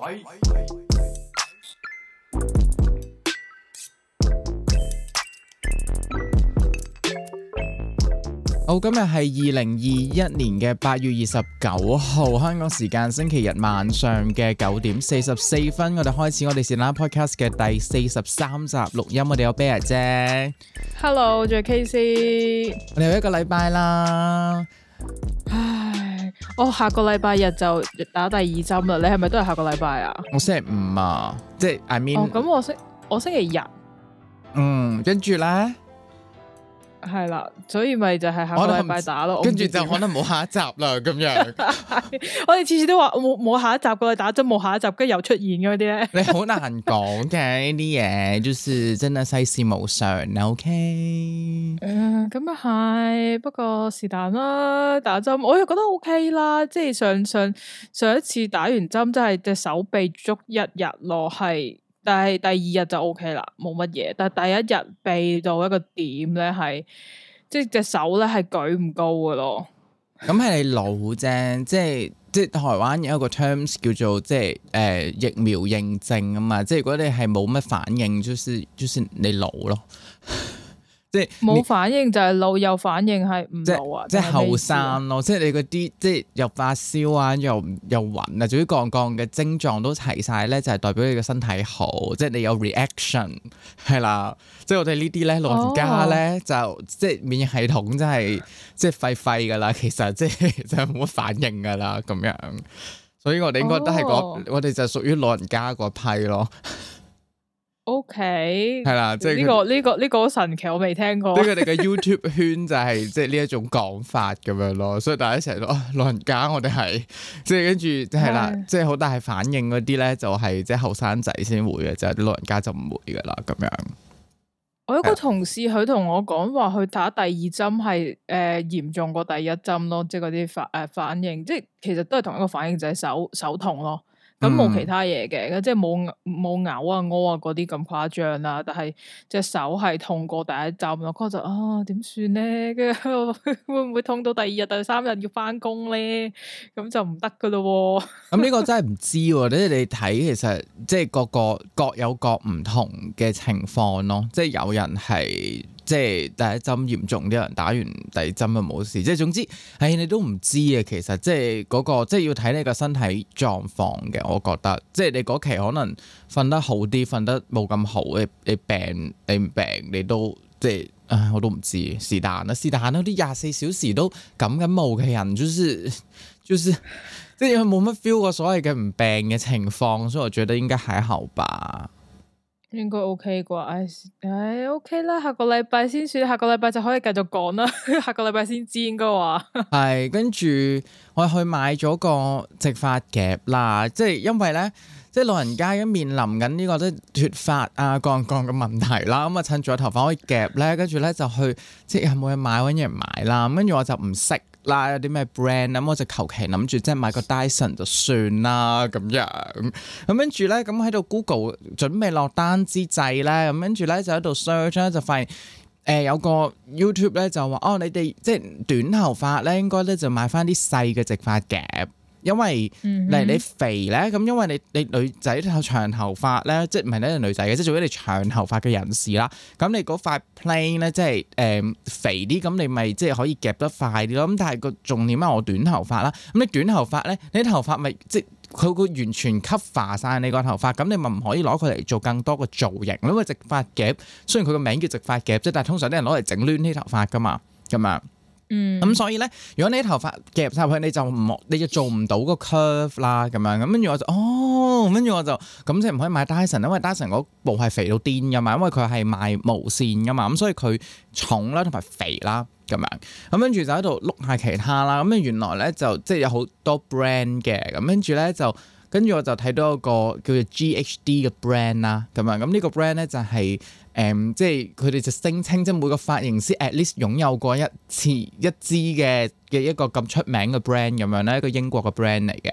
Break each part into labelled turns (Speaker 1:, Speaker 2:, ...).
Speaker 1: 喂，喂，喂，喂。好，今日係二零二一年嘅八月二十九號，香港時間星期日晚上嘅九點四十四分，我哋開,開始我哋舌腩 podcast 嘅第四十三集錄音我。Hello, 我哋有 Bear 姐
Speaker 2: ，Hello，仲有 KC，我哋有一個禮拜啦。我、哦、下個禮拜日就打第二針啦，你係咪都係下個禮拜啊？
Speaker 1: 我星期五啊，即、就、係、是、
Speaker 2: I mean 哦，咁我星期日，
Speaker 1: 嗯，跟住呢。嗯
Speaker 2: 係啦，所以咪就係下個禮拜打咯，跟住就可能冇下一集啦咁樣。 我哋次次都話冇冇下一集，過去打針冇下一集，跟住又出現嗰啲咧。你好難
Speaker 1: 講嘅呢啲嘢， 就是真係世事無常，OK？啊、呃，
Speaker 2: 咁又係，不過是但啦。打針我又覺得 OK 啦，即係上上上一次打完針，即係隻手臂足一日咯，係。但係第二日就 O K 啦，冇乜嘢。但係第一日避到一個點咧，係即係隻手咧係舉唔高嘅咯。
Speaker 1: 咁係你老啫，即係即係台灣有一個 terms 叫做即係誒疫苗認證啊嘛。即係如果你係冇乜反應，就算就算你老咯。即係冇
Speaker 2: 反應就係老，有反應係唔暈，即係後
Speaker 1: 生咯，即係你嗰啲即係又發燒啊，又又暈啊，總之槓槓嘅症狀都齊晒咧，就係、是、代表你個身體好，即係你有 reaction 係啦。即係我哋呢啲咧老人家咧、哦、就即係免疫系統真係即係廢廢噶啦，其實即係就冇、是、乜、就是、反應噶啦咁樣。所以我哋應該都係、那個，哦、我哋就屬於老人家嗰批咯。
Speaker 2: O K，係啦，即係呢個呢個呢個神奇，我未聽過。喺佢哋嘅
Speaker 1: YouTube 圈就係即係呢一種講法咁樣咯，所以大家一齊都老人家，我哋係即係跟住即係啦，即係好大反應嗰啲咧，就係即係後生仔先會嘅，就係啲老人家就唔會噶啦咁樣。
Speaker 2: 我有個同事佢同我講話，佢打第二針係誒、呃、嚴重過第一針咯，即係嗰啲反誒反應，即係其實都係同一個反應，就係、是、手手痛咯。咁冇、嗯、其他嘢嘅，咁即係冇冇嘔啊屙啊嗰啲咁誇張啦、啊，但係隻手係痛過第一集，我覺得啊點算咧？跟住 會唔會痛到第二日第三日要返工咧？咁就唔得噶咯喎！
Speaker 1: 咁、這、呢個真係唔知喎、啊，即係 你睇其實即係、就是、各個各有各唔同嘅情況咯，即、就、係、是、有人係。即係第一針嚴重啲人打完第二針就冇事，即係總之，唉、哎，你都唔知啊。其實即係嗰個即係、就是、要睇你個身體狀況嘅，我覺得即係、就是、你嗰期可能瞓得好啲，瞓得冇咁好，嘅。你病你唔病你都即係、就是、唉，我都唔知是但啊，是但啊，啲廿四小時都感緊冒嘅人、就是，就是就是即係冇乜 feel 過所謂嘅唔病嘅情況，所以我覺得應該喺後吧。
Speaker 2: 應該 OK 啩？唉唉 OK 啦，下個禮拜先算，下個禮拜就可以繼續講啦。下個禮拜先知應該話。
Speaker 1: 係 跟住我去買咗個直髮夾啦，即係因為咧，即係老人家而家面臨緊呢個即係脫髮啊、降降嘅問題啦。咁、嗯、啊趁住我頭髮可以夾咧，跟住咧就去即係冇嘢買搵嘢買啦。咁跟住我就唔識。嗱、啊、有啲咩 brand 咁我就求其諗住即係買個 Dyson 就算啦咁樣，咁跟住咧咁喺度 Google 準備落單之際咧，咁跟住咧就喺度 search 咧就發現誒、欸、有個 YouTube 咧就話哦你哋即係短頭髮咧應該咧就買返啲細嘅直髮夾。因為例如你肥咧，咁因為你肥呢因為你，你女仔頭長頭髮咧，即係唔係呢個女仔嘅，即係做咗你長頭髮嘅人士啦。咁你嗰塊 plane 咧，即係誒、呃、肥啲，咁你咪即係可以夾得快啲咯。咁但係個重點係我短頭髮啦。咁你短頭髮咧，你頭髮咪、就是、即佢會完全吸化晒你個頭髮，咁你咪唔可以攞佢嚟做更多嘅造型咯。咁啊直髮夾，雖然佢個名叫直髮夾，即但係通常啲人攞嚟整攣啲頭髮噶嘛，咁啊。嗯，咁所以咧，如果你啲頭髮夾入去，你就唔，你就做唔到個 curve 啦，咁樣。咁跟住我就，哦，跟住我就，咁即係唔可以買 Dyson 因為 Dyson 嗰部係肥到癲噶嘛，因為佢係賣無線噶嘛，咁所以佢重啦，同埋肥啦，咁樣。咁跟住就喺度碌下其他啦。咁啊原來咧就即係、就是、有好多 brand 嘅，咁跟住咧就，跟住我就睇到一個叫做 GHD 嘅 brand 啦，咁啊，咁呢個 brand 咧就係、是。Um, 即係佢哋就聲稱，即係每個髮型師 at least 擁有過一次一支嘅嘅一個咁出名嘅 brand 咁樣咧，一個英國嘅 brand 嚟嘅，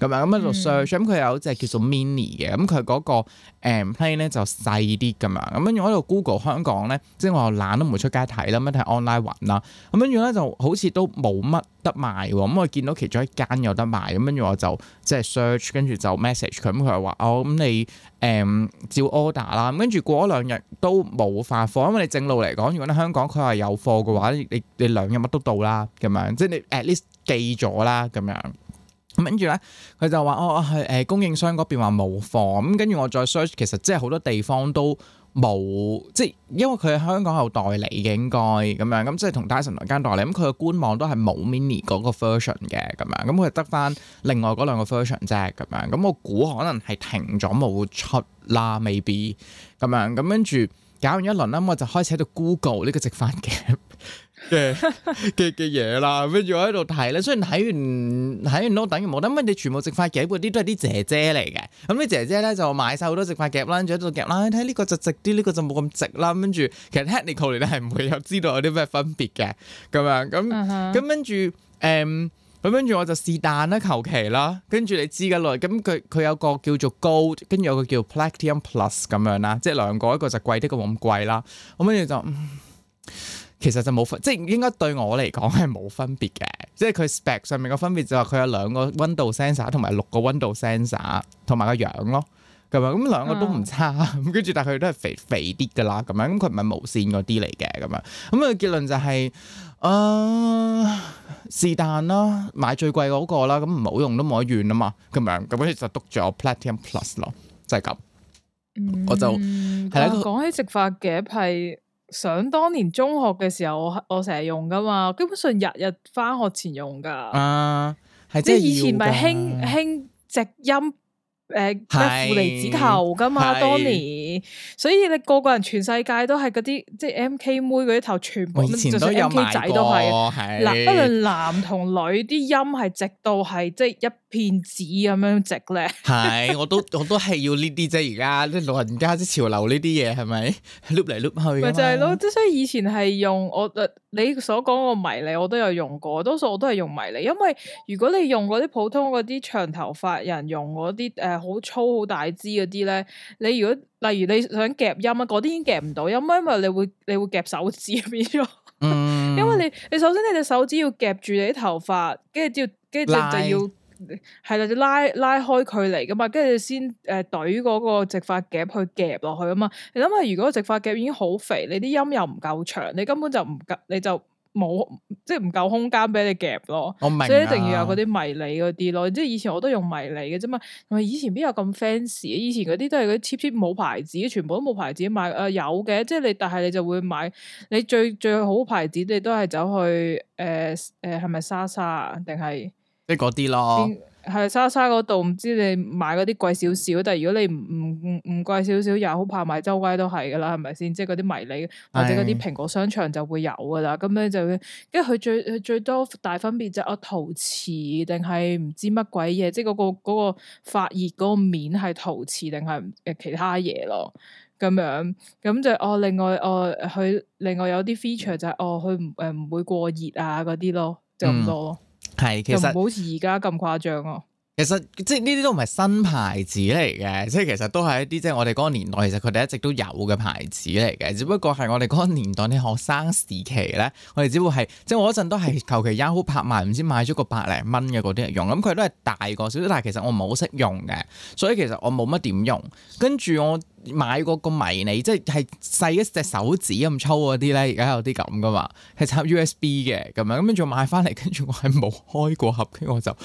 Speaker 1: 咁啊咁喺度 search，咁佢有隻叫做 Mini 嘅，咁佢嗰個、嗯、plan 咧就細啲咁樣，咁跟住我喺度 Google 香港咧，即係我又懶都唔會出街睇啦，乜睇 online 揾啦，咁跟住咧就好似都冇乜得賣喎，咁我見到其中一間有得賣，咁跟住我就即係 search，跟住就 message 佢，咁佢又話哦，咁你誒、嗯、照 order 啦，咁跟住過咗兩日都冇發貨，因為你正路嚟講，如果你香港佢係有貨嘅話，你你兩日乜都到啦，咁樣。即係你 at least 記咗啦，咁樣咁跟住咧，佢就話哦，我係誒供應商嗰邊話冇貨，咁跟住我再 search，其實即係好多地方都冇，即係因為佢喺香港有代理嘅，應該咁樣咁即係同 Dyson 間代理，咁佢嘅官網都係冇 mini 嗰個 version 嘅，咁樣咁佢得翻另外嗰兩個 version 啫，咁樣咁我估可能係停咗冇出啦，maybe 咁樣咁跟住搞完一輪啦，咁我就開始喺度 Google 呢個直販嘅。嘅嘅嘅嘢啦，跟住我喺度睇啦。雖然睇完睇完都等於冇，得。係你全部直髮夾嗰啲都係啲姐姐嚟嘅。咁、嗯、你姐姐咧就買晒好多直髮夾啦，跟住喺度夾啦。你睇呢個就直啲，呢、這個就冇咁直啦。跟住其實 technical 嚟，你係唔會有知道有啲咩分別嘅咁樣。咁咁跟住誒，咁跟住我就是但啦，求其啦。跟住你知嘅啦。咁佢佢有個叫做 Gold，跟住有個叫 Platinum Plus 咁樣啦，即係兩個，一個就貴啲，一個冇咁貴啦。咁跟住就。嗯其實就冇分，即係應該對我嚟講係冇分別嘅，即係佢 spec 上面個分別就係佢有兩個溫度 sensor 同埋六個溫度 sensor 同埋個樣咯，咁樣咁兩個都唔差，咁跟住但係佢都係肥肥啲噶啦，咁樣咁佢唔係無線嗰啲嚟嘅，咁樣咁嘅結論就係，啊是但啦，買最貴嗰個啦，咁唔好用都冇得怨啊嘛，咁樣咁跟住就篤咗我 platinum plus 咯，就係咁，嗯、我就係啦。講、
Speaker 2: 嗯、起直發嘅一批。想當年中學嘅時候，我我成日用噶嘛，基本上日日返學前用噶。啊，
Speaker 1: 即係以前咪興
Speaker 2: 興直音誒咩負離子頭噶嘛，是當年所以你個個人全世界都係嗰啲即係 M K 妹嗰啲頭，全部。我以前都有買過，就算 MK 仔都係嗱，不論是男同女，啲音係直到係即係一。騙子咁樣直咧？係， 我
Speaker 1: 都我都係要呢啲啫。而家啲老人家啲潮流呢啲嘢係咪 l 嚟 l 去？咪就係咯，
Speaker 2: 即係以，以前係用我你所講個迷你，我都有用過。多數我都係用迷你，因為如果你用嗰啲普通嗰啲長頭髮人用嗰啲誒好粗好大支嗰啲咧，你如果例如你想夾音啊，嗰啲已經夾唔到音啊，咪你會你會夾手指邊咯。嗯，因為你你首先你隻手指要夾住你啲頭髮，跟住要跟住就要。係啦，拉拉開佢離噶嘛，跟住先誒懟嗰個直髮夾去夾落去啊嘛。你諗下，如果直髮夾已經好肥，你啲音又唔夠長，你根本就唔夠，你就冇，即係唔夠空間俾你夾咯。我明、啊，所以一定要有嗰啲迷你嗰啲咯。即係以前我都用迷你嘅啫嘛。同埋以前邊有咁 fancy？以前嗰啲都係嗰 cheap cheap 冇牌子，全部都冇牌子買。誒、呃、有嘅，即係你，但係你就會買。你最最好牌子，你都係走去誒誒，係咪莎莎啊？定、呃、係？是
Speaker 1: 即嗰啲咯、嗯，
Speaker 2: 喺莎莎嗰度，唔知你買嗰啲貴少少，但係如果你唔唔唔唔貴少少，又好怕買周街都係噶啦，係咪先？即係嗰啲迷你或者嗰啲蘋果商場就會有噶啦，咁樣就，因為佢最最多大分別就哦、是啊、陶瓷定係唔知乜鬼嘢，即係嗰、嗰個嗰、嗰個嗰個發熱嗰個面係陶瓷定係誒其他嘢咯，咁樣咁就哦另外哦佢另外有啲 feature 就係、是、哦佢誒唔會過熱啊嗰啲咯，就咁多咯。嗯
Speaker 1: 係，其實唔好
Speaker 2: 似而家咁誇張哦。
Speaker 1: 其實即係呢啲都唔係新牌子嚟嘅，即係其實都係一啲即係我哋嗰個年代，其實佢哋一直都有嘅牌子嚟嘅，只不過係我哋嗰個年代啲學生時期咧，我哋只會係即係我嗰陣都係求其 Yahoo 拍賣，唔知買咗個百零蚊嘅嗰啲嚟用，咁、嗯、佢都係大個少少，但係其實我唔係好識用嘅，所以其實我冇乜點用。跟住我買過個迷你，即係細一隻手指咁粗嗰啲咧，而家有啲咁噶嘛，係插 USB 嘅咁樣，咁樣再買翻嚟，跟住我係冇開過盒，跟住我就。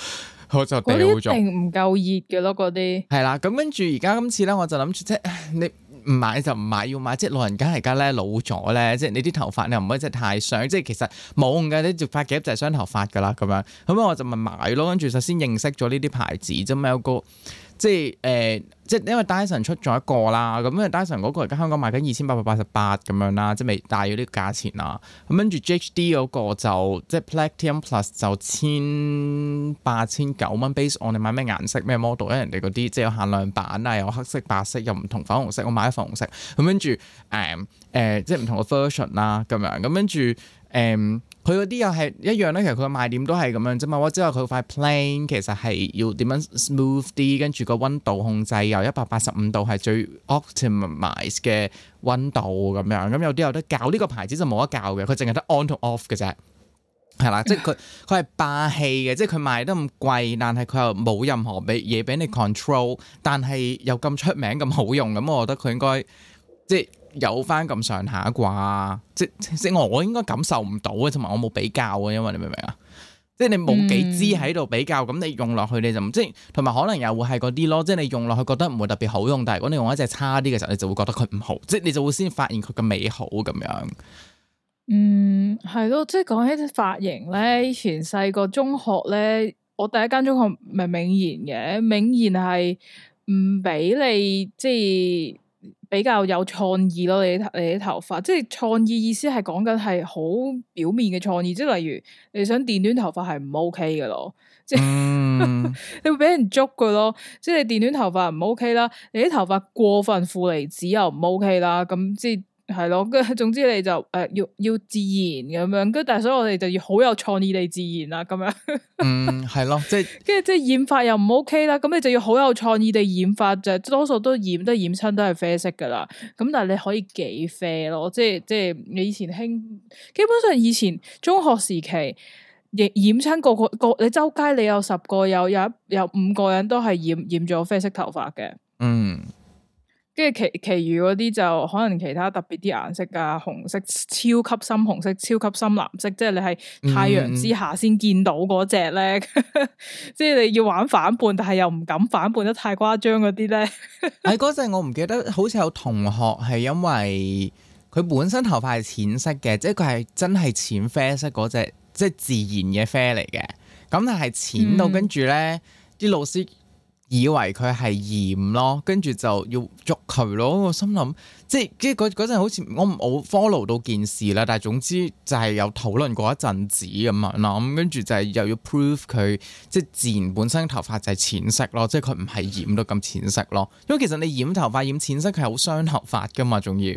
Speaker 1: 就定唔夠
Speaker 2: 熱嘅咯，嗰啲
Speaker 1: 係啦。咁跟住而家今次咧，我就諗住即係你唔買就唔買，要買即係老人家而家咧老咗咧，即係你啲頭髮你又唔可以即係太傷，即係其實冇用嘅，你直髮夾就係傷頭髮噶啦咁樣。咁啊我就咪買咯，跟住首先認識咗呢啲牌子，即嘛，有個。即係誒、呃，即係因為 Dyson 出咗一個啦，咁因為 Dyson 嗰個而家香港賣緊二千八百八十八咁樣啦，即係未大咗啲價錢啦。咁跟住 GHD 嗰個就即係 Platinum Plus 就千八千九蚊，Based on 你買咩顏色咩 model，因為人哋嗰啲即係有限量版啊，有黑色、白色，又唔同粉紅色。我買咗粉紅色，咁跟住誒誒，即係唔同嘅 version 啦，咁樣咁跟住誒。嗯佢嗰啲又係一樣咧，其實佢嘅賣點都係咁樣啫嘛。我只係佢塊 plane 其實係要點樣 smooth 啲，跟住個溫度控制由一百八十五度係最 optimise、um、嘅溫度咁樣。咁有啲有得教，呢個牌子就冇得教嘅，佢淨係得 on 同 off 嘅啫。係啦，即係佢佢係霸氣嘅，即係佢賣得咁貴，但係佢又冇任何嘢俾你 control，但係又咁出名咁好用，咁我覺得佢應該即係。有翻咁上下啩，即即我應該感受唔到嘅，同埋我冇比較嘅，因為你明唔明啊？即你冇幾支喺度比較，咁、嗯、你用落去你就唔即，同埋可能又會係嗰啲咯。即你用落去覺得唔會特別好用，但係如果你用一隻差啲嘅時候，你就會覺得佢唔好，即你就會先發現佢嘅美好咁樣。嗯，
Speaker 2: 係咯，即講起髮型咧，以前細個中學咧，我第一間中學咪銘賢嘅，銘賢係唔俾你即。比較有創意咯，你你啲頭髮，即係創意意思係講緊係好表面嘅創意，即係例如你想電短頭髮係唔 OK 嘅咯、嗯、 咯，即係你會俾人捉嘅咯，即係你電短頭髮唔 OK 啦，你啲頭髮過分負離子又唔 OK 啦，咁即係。係咯，跟住總之你就誒、呃、要要自然咁樣，跟但係所以我哋就要好有創意地自然啦咁
Speaker 1: 樣。嗯，係咯， 即、就、係、
Speaker 2: 是，跟住即係染髮又唔 OK 啦，咁你就要好有創意地染髮，就多數都染，染，染都染親都係啡色㗎啦。咁但係你可以幾啡咯，即係即係你以前興，基本上以前中學時期染染親個個個，你周街你有十個有有有五個人都係染染咗啡色頭髮嘅。嗯。跟住其其餘嗰啲就可能其他特別啲顏色啊，紅色，超級深紅色、超級深藍色，即係你係太陽之下先見到嗰隻咧，嗯、 即係你要玩反叛，但係又唔敢反叛得太誇張嗰啲
Speaker 1: 咧。喺嗰陣我唔記得，好似有同學係因為佢本身頭髮係淺色嘅，即係佢係真係淺啡色嗰隻，即係自然嘅啡嚟嘅。咁但係淺到跟住咧，啲、嗯、老師。以為佢係染咯，跟住就要捉佢咯。我心諗，即係即係嗰陣好似我冇 follow 到件事啦。但係總之就係有討論過一陣子咁樣啦。咁跟住就係又要 prove 佢即係自然本身頭髮就係淺色咯，即係佢唔係染到咁淺色咯。因為其實你染頭髮染淺色，佢係好傷頭髮㗎嘛，仲要。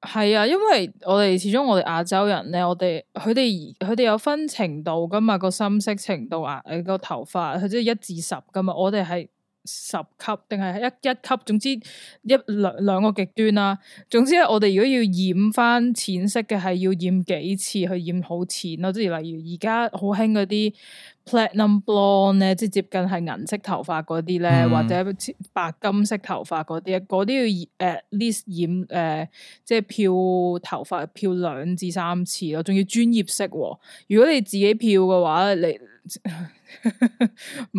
Speaker 2: 係啊，因為我哋始終我哋亞洲人咧，我哋佢哋佢哋有分程度噶嘛，個深色程度啊，個頭髮佢即係一至十噶嘛，我哋係十級定係一一級，總之一兩兩個極端啦、啊。總之我哋如果要染翻淺色嘅，係要染幾次去染好淺咯，即係例如而家好興嗰啲。Platinum blonde 咧，即係接近係銀色頭髮嗰啲咧，嗯、或者白金色頭髮嗰啲，嗰啲要誒，at least 染誒、呃，即係漂頭髮漂兩至三次咯，仲要專業色。如果你自己漂嘅話，你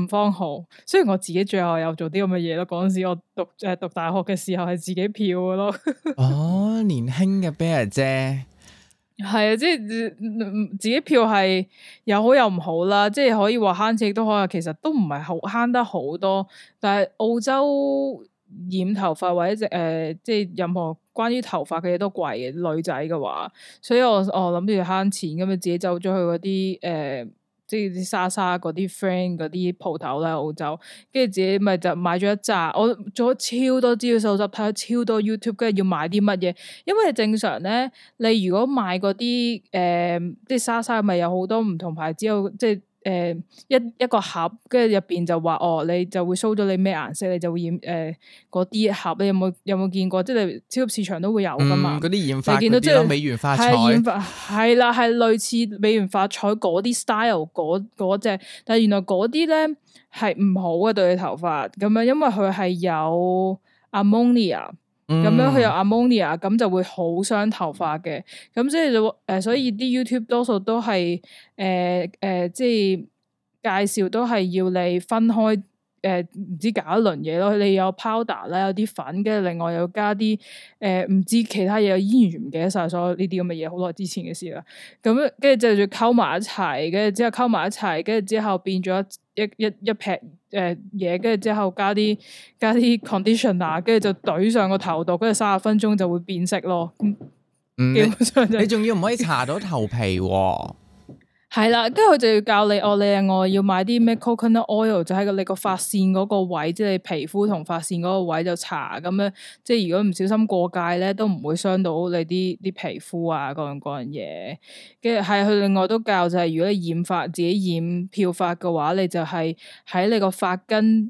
Speaker 2: 唔方好。雖然我自己最後有做啲咁嘅嘢咯，嗰陣時我讀誒、呃、讀大學嘅時候係自己漂嘅
Speaker 1: 咯。 哦，年輕嘅 Bear 姐。
Speaker 2: 係啊，即係自己票係有好有唔好啦，即係可以話慳錢，亦都可能其實都唔係好慳得好多。但係澳洲染頭髮或者誒、呃，即係任何關於頭髮嘅嘢都貴嘅，女仔嘅話，所以我我諗住慳錢咁啊，樣自己走咗去嗰啲誒。呃即係啲莎莎嗰啲 friend 嗰啲鋪頭啦，澳洲，跟住自己咪就買咗一扎，我做咗超多資料搜集，睇咗超多 YouTube，跟住要買啲乜嘢？因為正常咧，你如果買嗰啲誒，即係莎莎，咪有好多唔同牌子，有即係。誒、呃、一一個盒，跟住入邊就話哦，你就會梳咗你咩顏色，你就會染誒，嗰啲盒，你有冇有冇見過？即係超級市場都會有㗎嘛，
Speaker 1: 啲染髮、發你見到即係美源發彩，
Speaker 2: 係啦，係類似美源發彩嗰啲 style，嗰嗰隻。但係原來嗰啲咧係唔好嘅，對你頭髮咁樣，因為佢係有 ammonia。咁、嗯、樣佢有 ammonia，咁就會好傷頭髮嘅。咁所以、呃呃、就誒所以啲 YouTube 多數都係誒誒即係介紹都係要你分開。誒，唔、呃、知搞一輪嘢咯，你有 powder 啦，有啲粉，跟住另外又加啲誒、唔、呃、知其他嘢，依然唔記得晒所有呢啲咁嘅嘢，好耐之前嘅事啦。咁跟住就住溝埋一齊，跟住之後溝埋一齊，跟住之後變咗一一一一撇誒嘢，跟住之後加啲加啲 conditioner，跟住就懟上個頭度，跟住三十分鐘就會變色咯。
Speaker 1: 嗯，基本上你你仲要唔可以搽到頭皮，啊？
Speaker 2: 係啦，跟住佢就要教你哦。你靚，我要買啲咩 coconut oil，就喺你個發線嗰個位，即係你皮膚同發線嗰個位就搽咁樣。即係如果唔小心過界咧，都唔會傷到你啲啲皮膚啊各樣各樣嘢。跟住係佢另外都教就係，如果你染發自己染漂發嘅話，你就係喺你個發根誒嗰、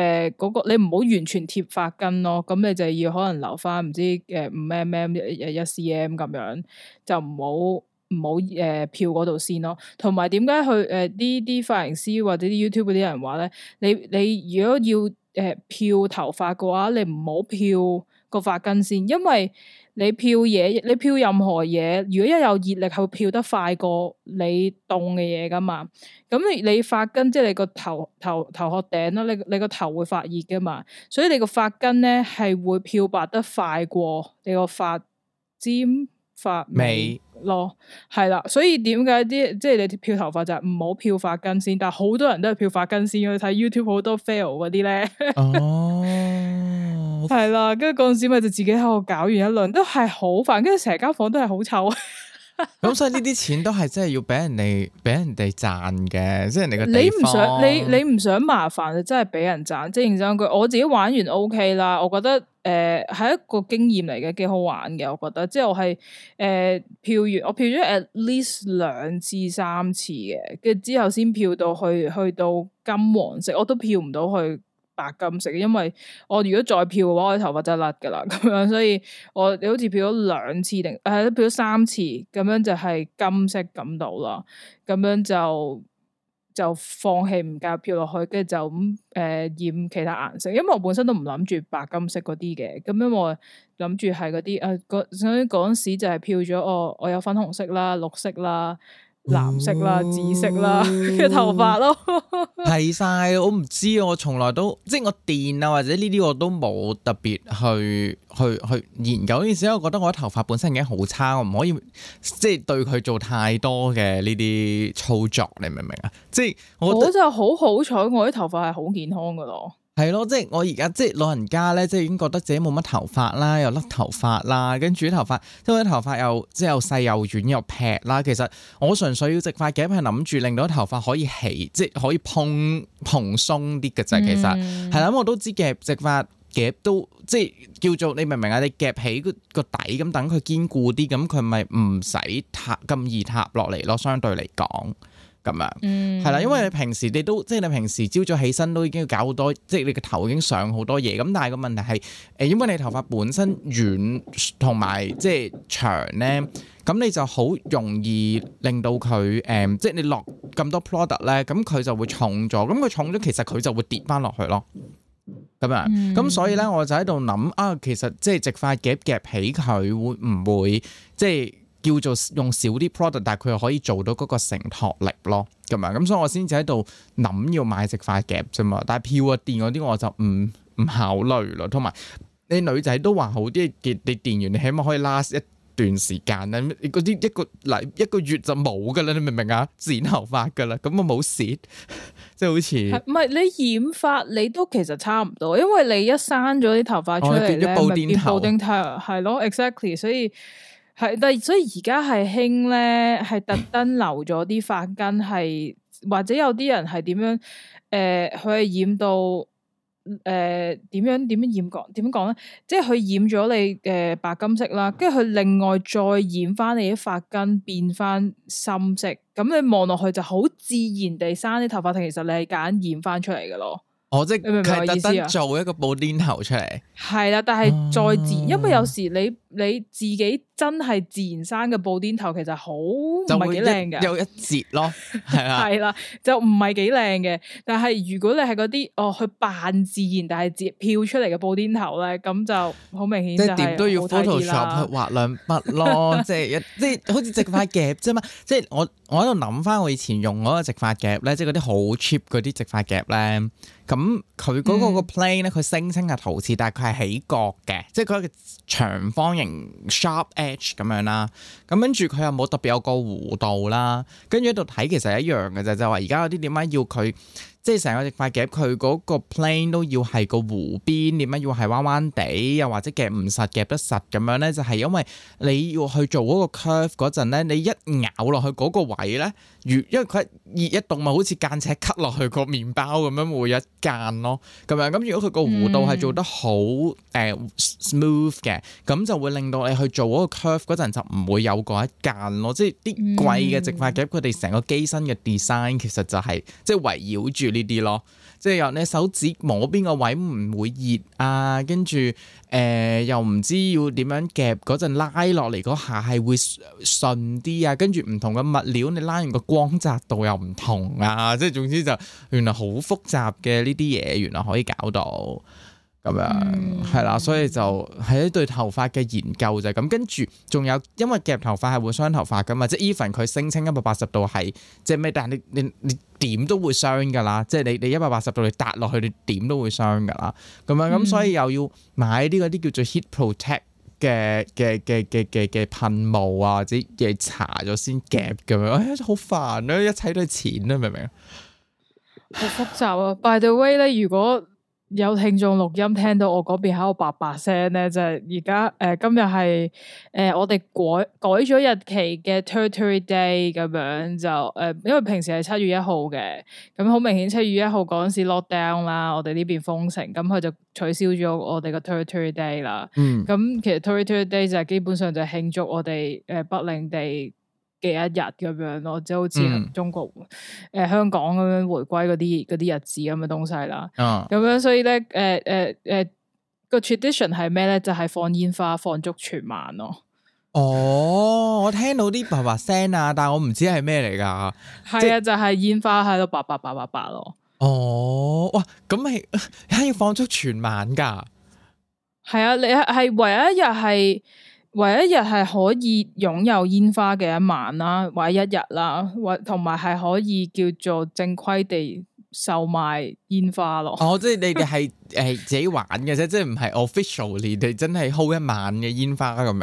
Speaker 2: 呃那個，你唔好完全貼發根咯。咁你就要可能留翻唔知誒五、呃、mm 一一 cm 咁樣，就唔好。唔好誒，漂嗰度先咯。同埋，點解去誒呢啲髮型師或者啲 YouTube 嗰啲人話咧？你你如果要誒漂、呃、頭髮嘅話，你唔好漂個發根先，因為你漂嘢，你漂任何嘢，如果一有熱力，佢漂得快過你凍嘅嘢噶嘛。咁你你發根即係你個頭頭頭殼頂啦，你、就是、你個頭,頭,頭,頭會發熱噶嘛，所以你個發根咧係會漂白得快過你個發尖發尾。咯，係啦、嗯，所以點解啲即係你漂頭髮就係唔好漂髮根先，但係好多人都係漂髮根先。我睇 YouTube 好多 fail 嗰啲咧。哦，係啦， 跟住嗰陣時咪就自己喺度搞完一輪，都係好煩，跟住成間房都係好臭。
Speaker 1: 咁所以呢啲錢都係真係要俾人哋俾 人哋賺嘅，即係人哋個地方。你唔想你你
Speaker 2: 唔想麻煩，就真係俾人賺。即係認真講，我自己玩完 OK 啦，我覺得。誒，係、呃、一個經驗嚟嘅，幾好玩嘅，我覺得。之後我係誒漂完，我漂咗 at least 兩至三次嘅，跟住之後先漂到去去到金黃色，我都漂唔到去白金色，因為我如果再漂嘅話，我啲頭髮就甩㗎啦。咁樣，所以我你好似漂咗兩次定係漂咗三次，咁、呃、樣就係金色咁度啦，咁樣就。就放棄唔介漂落去，跟住就咁誒、呃、染其他顏色，因為我本身都唔諗住白金色嗰啲嘅，咁因為諗住係嗰啲誒，所以嗰陣時就係漂咗我，我有粉紅色啦、綠色啦。
Speaker 1: 藍色啦、紫色
Speaker 2: 啦嘅頭髮咯，
Speaker 1: 係晒我唔知，我從來都即係我電啊，或者呢啲我都冇特別去去去研究呢件事，因為我覺得我啲頭髮本身已經好差，我唔可以即係對佢做太多嘅呢啲操作，你明唔明啊？即係我覺得
Speaker 2: 真係好好彩，我啲頭髮係好健康噶咯。
Speaker 1: 係咯，即係我而家，即係老人家咧，即係已經覺得自己冇乜頭髮啦，又甩頭髮啦，跟住頭髮，因為啲頭髮又即係又細又軟又劈啦。其實我純粹要直髮夾，係諗住令到頭髮可以起，即係可以蓬蓬鬆啲嘅啫。其實係啦，我都知夾直髮夾都即係叫做你明唔明啊？你夾起個個底，咁等佢堅固啲，咁佢咪唔使塌咁易塌落嚟咯。相對嚟講。咁樣，係啦、嗯，因為你平時你都即係你平時朝早起身都已經要搞好多，即係你個頭已經上好多嘢。咁但係個問題係，誒，因為你頭髮本身軟同埋即係長咧，咁你就好容易令到佢誒、嗯，即係你落咁多 product 咧，咁佢就會重咗。咁佢重咗，其實佢就會跌翻落去咯。咁樣，咁、嗯、所以咧，嗯、我就喺度諗啊，其實即係直髮夾夾起佢，會唔會即係？叫做用少啲 product，但係佢又可以做到嗰個承托力咯，咁樣，咁所以我先至喺度諗要買直髮夾啫嘛。但係漂啊、電嗰啲、啊、我就唔唔考慮咯。同埋你女仔都話好啲嘅，你電完、啊、你起碼可以 last 一段時間咧。嗰啲一個嚟一,一個月就冇㗎啦，你明唔明啊？剪頭髮㗎啦，咁我冇事，即 係好似
Speaker 2: 唔係你染髮你都其實差唔多，因為你一生咗啲頭髮出嚟咧，咪變布丁頭係咯，exactly，所以。係，但係所以而家係興咧，係特登留咗啲髮根，係或者有啲人係點樣？誒、呃，佢係染到誒，點、呃、樣點樣染？講點講咧，即係佢染咗你誒白金色啦，跟住佢另外再染翻你啲髮根變翻深色，咁你望落去就好自然地生啲頭髮。其實你係揀染翻出嚟嘅咯。
Speaker 1: 哦，即係意思，做一個布甸頭出嚟。
Speaker 2: 係啦，但係再自然，嗯、因為有時你你自己。真係自然生嘅布甸頭其實好唔係幾靚嘅，有一
Speaker 1: 截咯，係啊，係
Speaker 2: 啦， 就唔係幾靚嘅。但係如果你係嗰啲哦，去扮自然，但係截漂出嚟嘅布甸頭咧，咁就好明顯、就是，即係點都要 Photoshop 去
Speaker 1: 畫兩筆咯，即係 一即係、就是、好似直髮夾啫嘛。即係 我我喺度諗翻我以前用嗰個直髮夾咧，即係嗰啲好 cheap 嗰啲直髮夾咧，咁佢嗰個個 plane 咧，佢聲稱係陶瓷，但係佢係起角嘅，即係嗰個長方形 sharp。咁樣啦，咁跟住佢又冇特別有個弧度啦，跟住喺度睇其實一樣嘅啫，就係話而家嗰啲點解要佢？即係成個直髮夾佢個 plane 都要係個弧邊，點解要係彎彎地，又或者夾唔實夾得實，咁樣咧？就係、是、因為你要去做嗰個 curve 嗰陣咧，你一咬落去嗰個位咧，如因為佢係熱一度嘛，好似間尺 cut 落去個麵包咁樣會一間咯，咁樣咁如果佢個弧度係做得好誒、mm. 呃、smooth 嘅，咁就會令到你去做嗰個 curve 嗰陣就唔會有嗰一間咯。即係啲貴嘅直髮夾佢哋成個機身嘅 design 其實就係、是、即係圍繞住。呢啲咯，即係有你手指摸邊個位唔會熱啊，跟住誒又唔知要點樣夾，嗰陣拉落嚟嗰下係會順啲啊，跟住唔同嘅物料你拉完個光澤度又唔同啊，即係總之就原來好複雜嘅呢啲嘢，原來可以搞到。咁樣係啦，嗯，所以就係一對頭髮嘅研究就係咁，跟住仲有，因為夾頭髮係會傷頭髮噶嘛，即係 even 佢聲稱一百八十度係即係咩？但係你你你點都會傷噶啦，即係你你一百八十度你搭落去，你點都會傷噶啦。咁樣咁，嗯、所以又要買啲嗰啲叫做 heat protect 嘅嘅嘅嘅嘅嘅噴霧啊，或者嘢搽咗先夾咁樣，哎好煩啊，一切都係錢啊，明唔明啊？
Speaker 2: 好複雜啊！By the way 咧，如果有聽眾錄音聽到我嗰邊喺度叭叭聲咧，就係而家誒，今日係誒，我哋改改咗日期嘅 Territory Day 咁樣就誒、呃，因為平時係七月一號嘅，咁好明顯七月一號嗰陣時 lock down 啦，我哋呢邊封城，咁佢就取消咗我哋嘅 Territory Day 啦。
Speaker 3: 嗯，咁
Speaker 2: 其實 Territory Day 就係基本上就慶祝我哋誒北領地。嘅一日咁樣咯，即係好似中國誒、嗯呃、香港咁樣回歸嗰啲啲日子咁嘅東西啦。咁、啊、樣所以咧，誒誒誒個 tradition 係咩咧？就係、是、放煙花、放足全晚咯。
Speaker 1: 哦，我聽到啲叭叭聲啊，但我唔知係咩嚟噶。係啊，就係、
Speaker 2: 是、煙花喺度叭叭叭叭叭咯。
Speaker 1: 哦，哇，咁係要放足全晚噶？
Speaker 2: 係啊，你係係唯一一日係。唯一日係可以擁有煙花嘅一晚啦，或者一日啦，或同埋係可以叫做正規地售賣煙花咯。哦， 即係你哋
Speaker 1: 係誒自己玩嘅啫， 即係唔係 officially，你真係 hold 一晚嘅煙花咁樣。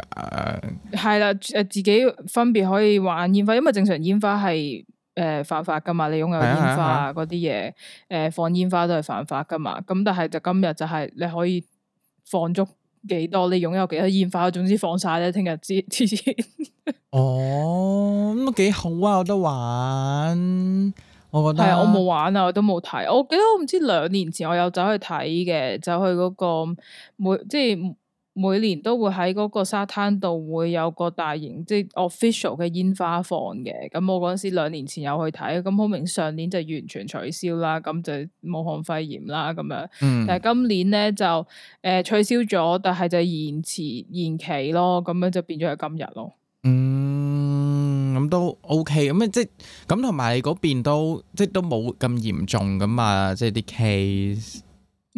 Speaker 2: 係啦，誒自己分別可以玩煙花，因為正常煙花係誒犯法噶嘛，你擁有煙花嗰啲嘢，誒 放煙花都係犯法噶嘛。咁但係就今日就係你可以放足。幾多？你擁有幾多煙花？總之放晒咧，聽日之
Speaker 1: 之前。 哦，咁啊幾好啊，我都玩。我覺得係啊，我冇
Speaker 2: 玩啊，我，我都冇睇。我記得我唔知兩年前我有走去睇嘅，走去嗰、嗰個每即係。每年都會喺嗰個沙灘度會有個大型即、即係、official 嘅煙花放嘅，咁我嗰陣時兩年前有去睇，咁好明顯上年就完全取消啦，咁就武漢肺炎啦咁樣。但係今年咧就誒、呃、取消咗，但係就延遲延期咯，咁樣就變咗係今日咯。嗯，
Speaker 1: 咁都 OK，咁即咁同埋嗰邊都即都冇咁嚴重㗎嘛，即係啲 case。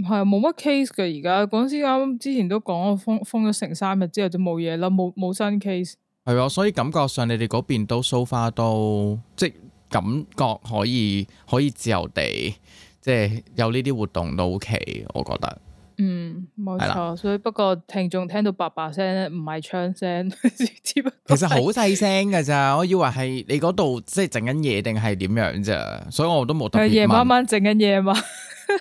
Speaker 2: 係啊，冇乜 case 嘅而家。嗰陣時啱啱之前都講，封封咗成三日之後就冇嘢啦，冇冇新 case。
Speaker 1: 係啊，所以感覺上你哋嗰邊都 so far，都即係感覺可以可以自由地，即係有呢啲活動都 OK。我覺得，嗯，
Speaker 2: 冇錯。的所以不過聽眾聽到爸爸聲唔係槍聲，
Speaker 1: 不聲 只是其實好細聲噶咋。 我以為係你嗰度即係整緊嘢定係點樣咋，所以我都冇特別問。夜晚晚整緊嘢嘛？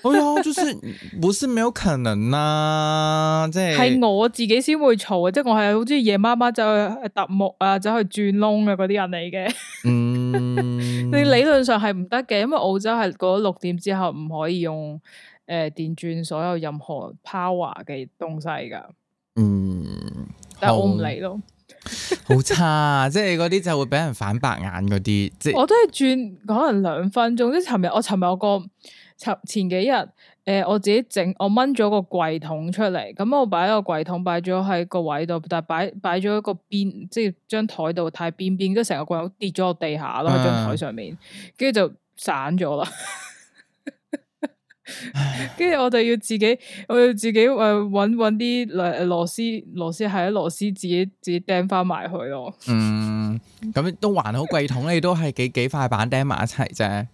Speaker 1: 好， 哎、呀，就算、是，不是沒有可能啦、啊？即、就、係、是、我
Speaker 2: 自己先會嘈，即、就、係、是、我係好中意夜媽媽就去踏木啊，走去轉窿嘅嗰啲人嚟嘅。 嗯，你 理論上係唔得嘅，因為澳洲係過咗六點之後唔可以用誒、呃、電轉所有任何 power 嘅東西噶。嗯，
Speaker 1: 但係我唔理咯，好， 好差，即係嗰啲就會俾人反白眼嗰啲。即、就、係、是、 我
Speaker 2: 都係轉可能兩分鐘。即係尋日我尋日我個。前前幾日，誒、呃，我自己整，我掹咗個櫃桶出嚟，咁我擺個櫃桶擺咗喺個位度，但係擺擺咗一個邊，即係張台度太邊邊，跟住成個櫃桶跌咗落地下咯，喺張台上面，跟住就散咗啦。跟 住我就要自己，我要自己誒，搵搵啲螺螺絲螺絲係啊，螺絲，螺絲自己自己釘翻埋去咯。嗯，
Speaker 1: 咁、 嗯、都還好，櫃 桶你都係幾幾塊板釘埋一齊啫。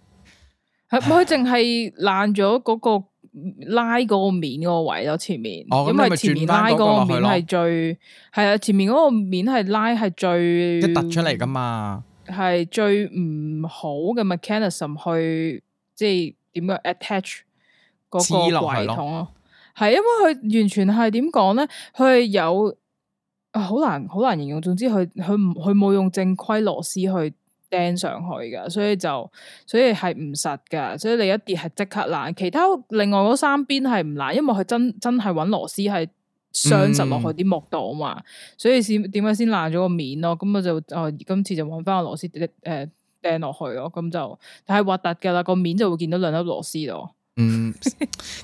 Speaker 2: 佢淨係爛咗嗰個拉嗰個面嗰個位咯，前面，因為前面拉嗰個面係最係啊，前面嗰個面係拉係最，是最，一突出嚟噶嘛，係最唔好嘅 mechanism 去即係點樣 attach 嗰個櫃桶咯，係因為佢完全係點講咧，佢有啊好難好難形容，總之佢佢佢冇用正規螺絲去。釘上去噶，所以就所以係唔實噶，所以你一跌係即刻爛，其他另外嗰三邊係唔爛，因為佢真真係搵螺絲係鑲實落去啲木度嘛，嗯、所以先點解先爛咗個面咯？咁我就哦，今次就搵翻個螺絲誒掟落去咯，咁就但係核突噶啦，個面就會見到兩粒螺絲咯。
Speaker 1: 嗯，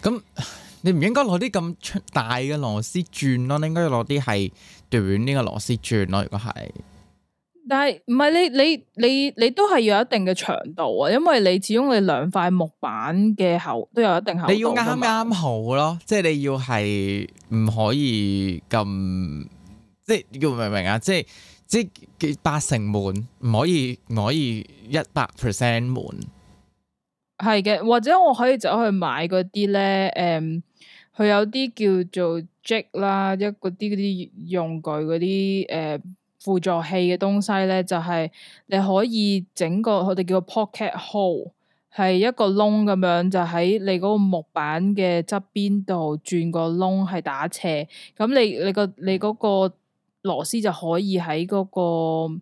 Speaker 1: 咁 你唔應該攞啲咁大嘅螺絲轉咯，你應該要攞啲係短呢嘅螺絲轉咯，如果係。
Speaker 2: 但係唔係你你你你都係要有一定嘅長度啊，因為你始終你兩塊木板嘅厚都有一定厚度，你要啱啱好
Speaker 1: 咯，即係你要係唔可以咁，即係要明唔明啊？即係即係八成滿，唔可以唔可以一百 percent 滿。
Speaker 2: 係嘅，或者我可以走去買嗰啲咧，誒、嗯，佢有啲叫做 jack 啦，一嗰啲嗰啲用具嗰啲誒。嗯輔助器嘅東西咧，就係、是、你可以整個佢哋，叫個 pocket hole，係一個窿咁樣，就喺你嗰個木板嘅側邊度鑽個窿，係打斜。咁你你個你嗰個螺絲就可以喺嗰、那個，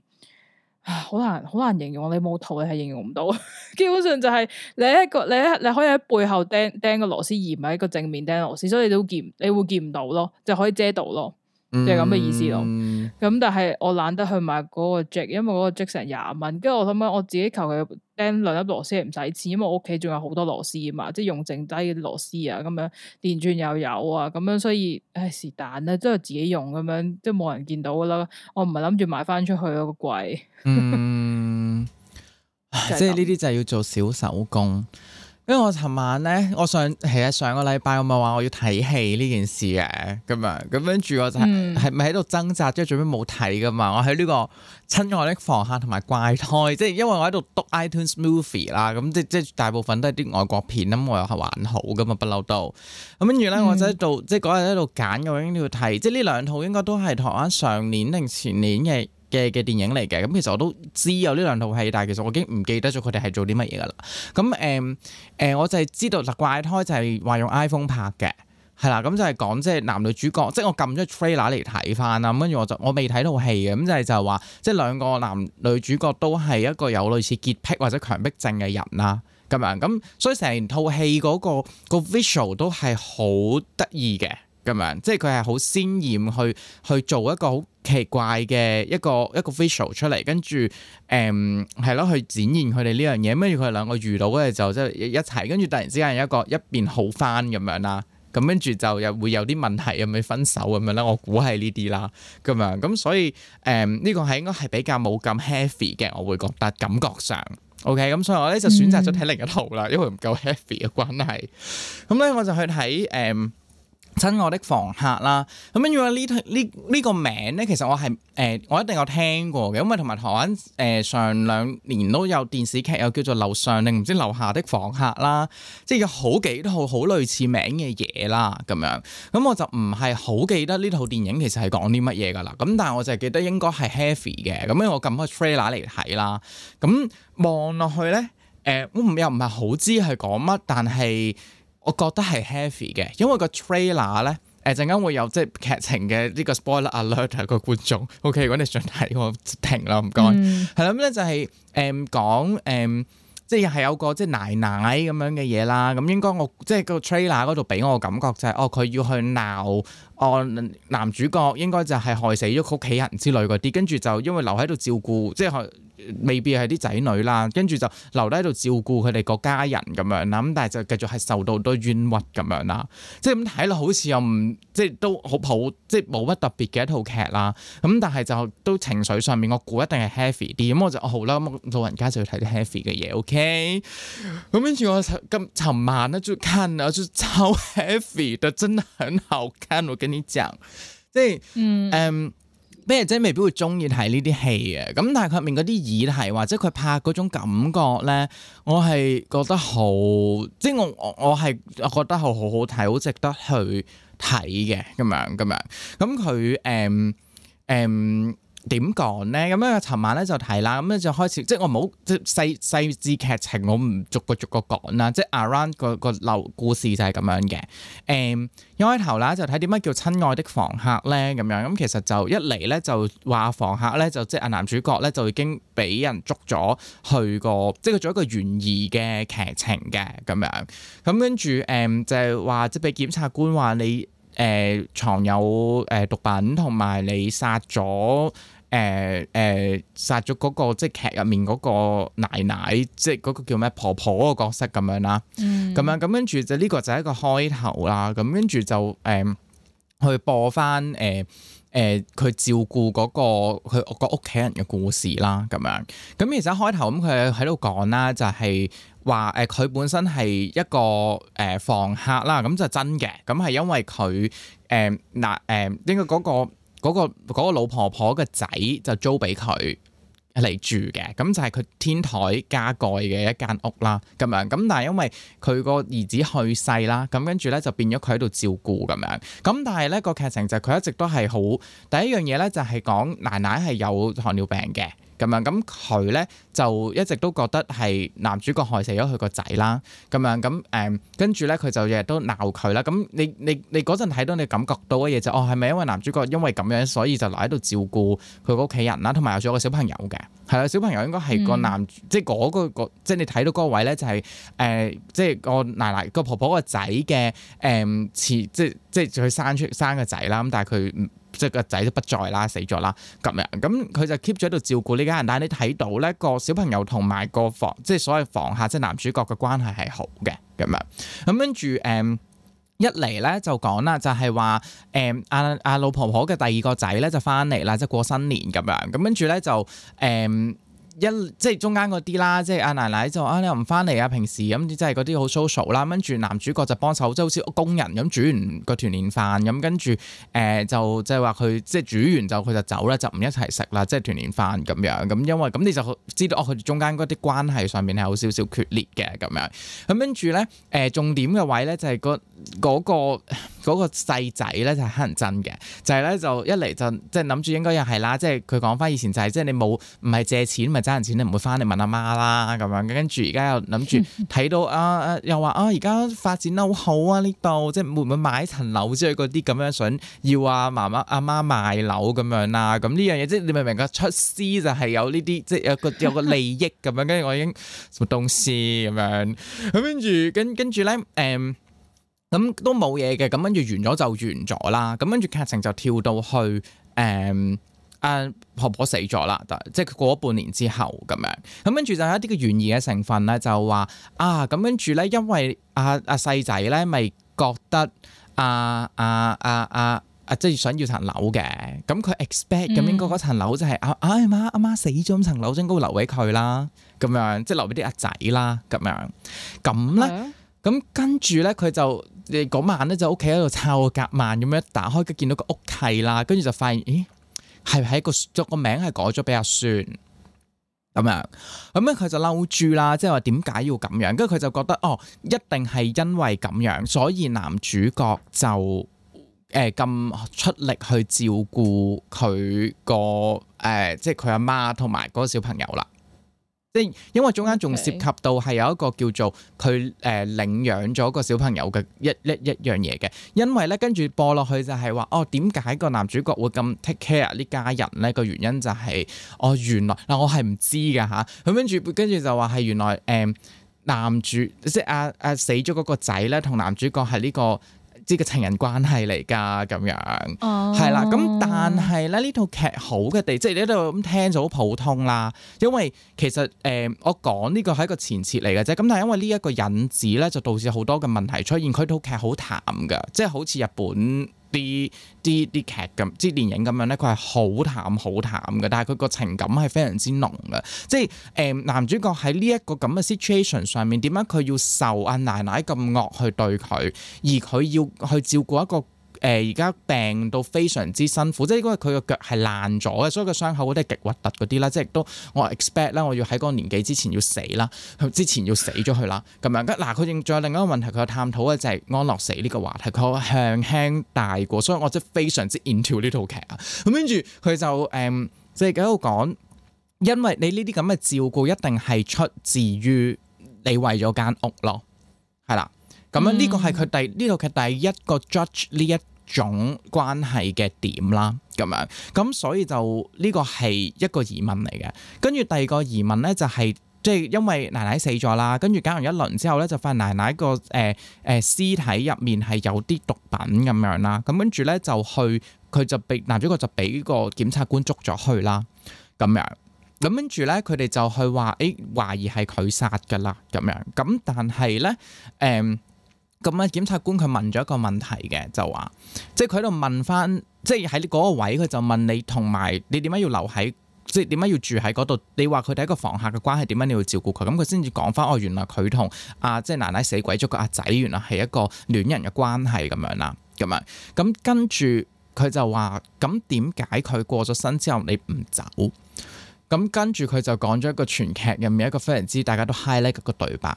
Speaker 2: 啊，好難好難形容，你冇圖你係形容唔到。 基本上就係你一個你一個你可以喺背後釘釘個螺絲，而唔係一個正面釘螺絲，所以你都見你會見唔到咯，就可以遮到咯。即係咁嘅意思咯，咁、嗯、但係我懶得去買嗰個 Jack，因為嗰個 Jack 成廿蚊，跟住我諗緊我自己求其釘兩粒螺絲唔使錢，因為我屋企仲有好多螺絲啊嘛，即係用剩低嘅螺絲啊，咁樣電鑽又有啊，咁樣所以唉是但啦，都係自己用咁樣，即係冇人見到噶啦，我唔係諗住買翻出去嗰、那個櫃，嗯、
Speaker 1: 即係呢啲就係要做小手工。因為我尋晚咧，我上係啊上個禮拜我咪話我要睇戲呢件事嘅咁樣，咁跟住我就係係咪喺度掙扎，即係最尾冇睇㗎嘛。我喺呢個親愛的房客同埋怪胎，即係因為我喺度篤 iTunes Movie 啦，咁即即大部分都係啲外國片，咁我又係還好㗎嘛，不嬲、嗯、到。咁跟住咧，我就喺度即係嗰日喺度揀，我應該要睇，即係呢兩套應該都係台灣上年定前年嘅。嘅嘅電影嚟嘅，咁其實我都知有呢兩套戲，但係其實我已經唔記得咗佢哋係做啲乜嘢噶啦。咁誒誒，我就係知道《怪胎》就係話用 iPhone 拍嘅，係啦。咁就係講即係男女主角，即係我撳咗 trailer 嚟睇翻啊。咁跟住我就我未睇套戲嘅，咁就係就話即係兩個男女主角都係一個有類似潔癖或者強迫症嘅人啦。咁樣咁，所以成套戲嗰個個 visual 都係好得意嘅。咁樣，即係佢係好鮮艷去去做一個好奇怪嘅一個一個 visual 出嚟，跟住誒係咯，去展現佢哋呢樣嘢。跟住佢哋兩個遇到嘅時候，就即係一齊，跟住突然之間有一個一邊好返咁樣啦。咁跟住就又會有啲問題，有冇分手咁樣啦？我估係呢啲啦。咁樣咁、嗯、所以誒呢、嗯這個係應該係比較冇咁 heavy 嘅，我會覺得感覺上 OK、嗯。咁所以我咧就選擇咗睇另一套啦，因為唔夠 heavy 嘅關係。咁、嗯、咧我就去睇誒。嗯親愛的房客啦，咁因為呢呢呢個名咧，其實我係誒、呃、我一定有聽過嘅，因為同埋台灣誒、呃、上兩年都有電視劇，又叫做樓上定唔知樓下的房客啦，即係有好幾套好類似名嘅嘢啦，咁樣，咁我就唔係好記得呢套電影其實係講啲乜嘢噶啦，咁但係我就係記得應該係 heavy 嘅，咁我撳開 trailer 嚟睇啦，咁望落去咧，誒、呃、我唔又唔係好知係講乜，但係，我覺得係 heavy 嘅，因為個 trailer 咧，誒陣間會有即係劇情嘅呢個 spoiler alert 個、啊、觀眾。OK，如果你想睇，我停啦，唔該。係啦，咁咧就係誒講誒，即係係有個即係奶奶咁樣嘅嘢啦。咁應該我即係個 trailer 嗰度俾我感覺就係、是，哦佢要去鬧哦男主角，應該就係害死咗屋企人之類嗰啲，跟住就因為留喺度照顧，即係。未必係啲仔女啦，跟住就留低喺度照顧佢哋個家人咁樣啦，咁但係就繼續係受到好多冤屈咁樣啦。即係咁睇落好似又唔，即係都好普，即係冇乜特別嘅一套劇啦。咁但係就都情緒上面我估一定係 heavy 啲。咁我就好啦，老人家就要睇啲 heavy 嘅嘢，OK？咁跟住我咁尋晚咧就親啊，就超 heavy 就真的很好看，我跟你講。所以，嗯。嗯咩啫未必會中意睇呢啲戲嘅，咁但係佢入面嗰啲議題或者佢拍嗰種感覺咧，我係覺得好，即、就、係、是、我我我係我覺得係好好睇，好值得去睇嘅咁樣咁樣，咁佢誒誒。點講咧？咁咧，尋、嗯、晚咧就睇啦，咁、嗯、咧就開始，即係我冇即係細細緻劇情，我唔逐個逐個講啦。即係 around 個個流故事就係咁樣嘅。誒一開頭啦，就睇點解叫親愛的房客咧？咁樣咁、嗯、其實就一嚟咧就話房客咧就即係阿男主角咧就已經俾人捉咗去個，即係佢做一個懸疑嘅劇情嘅咁樣。咁跟住誒就係話即係俾檢察官話你誒藏、呃、有誒毒品同埋你殺咗。誒誒，殺咗嗰個即係劇入面嗰個奶奶，即係嗰個叫咩婆婆個角色咁樣啦。咁、嗯、樣咁跟住就呢個就係一個開頭啦。咁跟住就誒、呃，去播翻，誒誒，佢、呃呃、照顧嗰、那個佢個屋企人嘅故事啦。咁樣咁其實一開頭咁佢喺度講啦，就係話，誒，佢、呃、本身係一個誒、呃、房客啦。咁就真嘅，咁係因為佢誒嗱，誒，應該嗰個。 嗰個嗰個老婆婆嘅仔就租俾佢嚟住嘅，咁就係佢天台加蓋嘅一間屋啦，咁樣咁，但係因為佢個兒子去世啦，咁跟住咧就變咗佢喺度照顧咁樣，咁但係咧個劇情就佢一直都係好第一樣嘢咧就係講奶奶係有糖尿病嘅。咁樣咁佢咧就一直都覺得係男主角害死咗佢個仔啦，咁樣咁誒，跟住咧佢就日日都鬧佢啦。咁你你你嗰陣睇到你感覺到嘅嘢就是，哦，係咪因為男主角因為咁樣所以就留喺度照顧佢個屋企人啦，同埋有咗個小朋友嘅，係啦，小朋友應該係個男，即係嗰個即係你睇到嗰位咧就係、是、誒、呃，即係我奶奶個婆婆個仔嘅誒，前、呃、即係即係佢生出生嘅仔啦，咁但係佢。即係個仔都不在啦，死咗啦，咁樣咁佢，嗯、就 keep 咗喺度照顧呢家人，但係你睇到咧個小朋友同埋個房，即係所謂房客，即係男主角嘅關係係好嘅，咁樣，咁跟住誒一嚟咧就講啦，就係話誒阿阿老婆婆嘅第二個仔咧就返嚟啦，即係過新年咁樣，咁跟住咧就誒。嗯一即係中間嗰啲啦，即係阿奶奶就啊，你又唔翻嚟啊，平時咁、嗯、即係嗰啲好 social 啦，跟住男主角就幫手，即係好似屋工人咁煮完個團年飯咁，跟住誒、呃、就、呃、就即係話佢即係煮完就佢就走啦，就唔一齊食啦，即係團年飯咁樣咁、嗯，因為咁你就知道哦，佢哋中間嗰啲關係上面係有少少決裂嘅咁樣，咁跟住咧誒重點嘅位咧就係、嗰個嗰、嗰個細仔咧就黑人真嘅，就係、是、咧就一嚟就即係諗住應該又係啦，即係佢講翻以前就係、是、即係你冇唔係借錢咪。爭人錢你唔會翻嚟問阿媽啦咁樣，跟住而家又諗住睇到啊，又話啊，而家發展得好好啊呢度，即係會唔會買一層樓之類嗰啲咁樣想要啊，媽媽阿媽賣樓咁樣啦，咁呢樣嘢即係你明唔明啊？出資就係有呢啲，即係有個有個利益咁樣，跟住 我已經什麼東西咁樣，咁跟住跟跟住咧誒，咁呃都冇嘢嘅，咁跟住完咗就完咗啦，咁跟住劇情就跳到去誒。呃誒婆婆死咗啦，即係過咗半年之後咁樣，咁跟住就有一啲嘅懸疑嘅成分咧，就話啊咁跟住咧，因為阿阿細仔咧咪覺得啊，啊，啊，啊，啊，即係想要層樓嘅，咁佢 expect 咁應該嗰層樓就係，是嗯、啊，阿媽阿媽死咗咁層樓應該會留俾佢啦，咁樣即係留俾啲阿仔啦，咁樣咁咧，咁跟住咧佢就誒嗰晚咧就屋企喺度抄個夾萬咁樣一打開，佢見到個屋契啦，跟住就發現咦～係喺個作個名係改咗俾阿孫咁樣，咁咧佢就嬲住啦，即係話點解要咁樣？跟住佢就覺得哦，一定係因為咁樣，所以男主角就誒咁、呃、出力去照顧佢、嗰個誒、呃，即係佢阿媽同埋嗰個小朋友啦。因為中間仲涉及到係有一個叫做佢誒領養咗個小朋友嘅一一一,一樣嘢嘅，因為咧跟住播落去就係話哦點解個男主角會咁 take care 呢家人咧？個原因就係、是、哦原來嗱、呃、我係唔知㗎嚇，佢跟住跟住就話係原來誒、呃、男主即係阿阿死咗嗰個仔咧，同男主角係呢、呢個。知個情人關係嚟㗎，咁樣係啦。咁、oh. 但係咧，呢套劇好嘅地，即係你度咁聽就好普通啦。因為其實誒、呃，我講呢個係一個前設嚟嘅啫。咁但係因為呢一個引子咧，就導致好多嘅問題出現。佢套劇好淡㗎，即係好似日本，啲啲啲劇咁，即係電影咁樣咧，佢係好淡好淡嘅，但係佢個情感係非常之濃嘅，即係誒男主角喺呢一個咁嘅 situation 上面，點解佢要受阿奶奶咁惡去對佢，而佢要去照顧一個。誒而家病到非常之辛苦，即係因為佢個腳係爛咗嘅，所以個傷口都係極核突嗰啲啦。即係亦都我 expect 啦，我要喺嗰個年紀之前要死啦，之前要死咗佢啦咁樣。嗱佢仲再有另一個問題，佢嘅探討呢就係安樂死呢個話題。佢向輕大過，所以我真係非常之 into 呢套劇啊。咁跟住佢就誒，即係喺度講，因為你呢啲咁嘅照顧一定係出自於你為咗間屋咯，係啦。咁樣呢個係佢第呢套劇第一個 judge 呢一種關係嘅點啦，咁樣咁所以就呢個係一個疑問嚟嘅。跟住第二個疑問呢，就係、是、即係因為奶奶死咗啦，跟住搞完一輪之後呢，就發現奶奶個誒誒、呃呃、屍體入面係有啲毒品咁樣啦。咁跟住呢，就去佢就被男主角就俾個檢察官捉咗去啦。咁樣咁跟住呢，佢哋就去話誒、欸、懷疑係佢殺㗎啦。咁樣咁但係呢。誒、嗯。咁啊，檢察官佢問咗一個問題嘅，就話，即係佢喺度問翻，即係喺嗰個位佢就問你同埋你點解要留喺，即係點解要住喺嗰度？你話佢哋一個房客嘅關係，點解你要照顧佢？咁佢先至講翻，哦，原來佢同阿即係奶奶死鬼咗個阿仔，原來係一個戀人嘅關係咁樣啦，咁啊，咁跟住佢就話，咁點解佢過咗身之後你唔走？咁跟住佢就講咗一個全劇入面一個非常之大家都 highlight 個對白，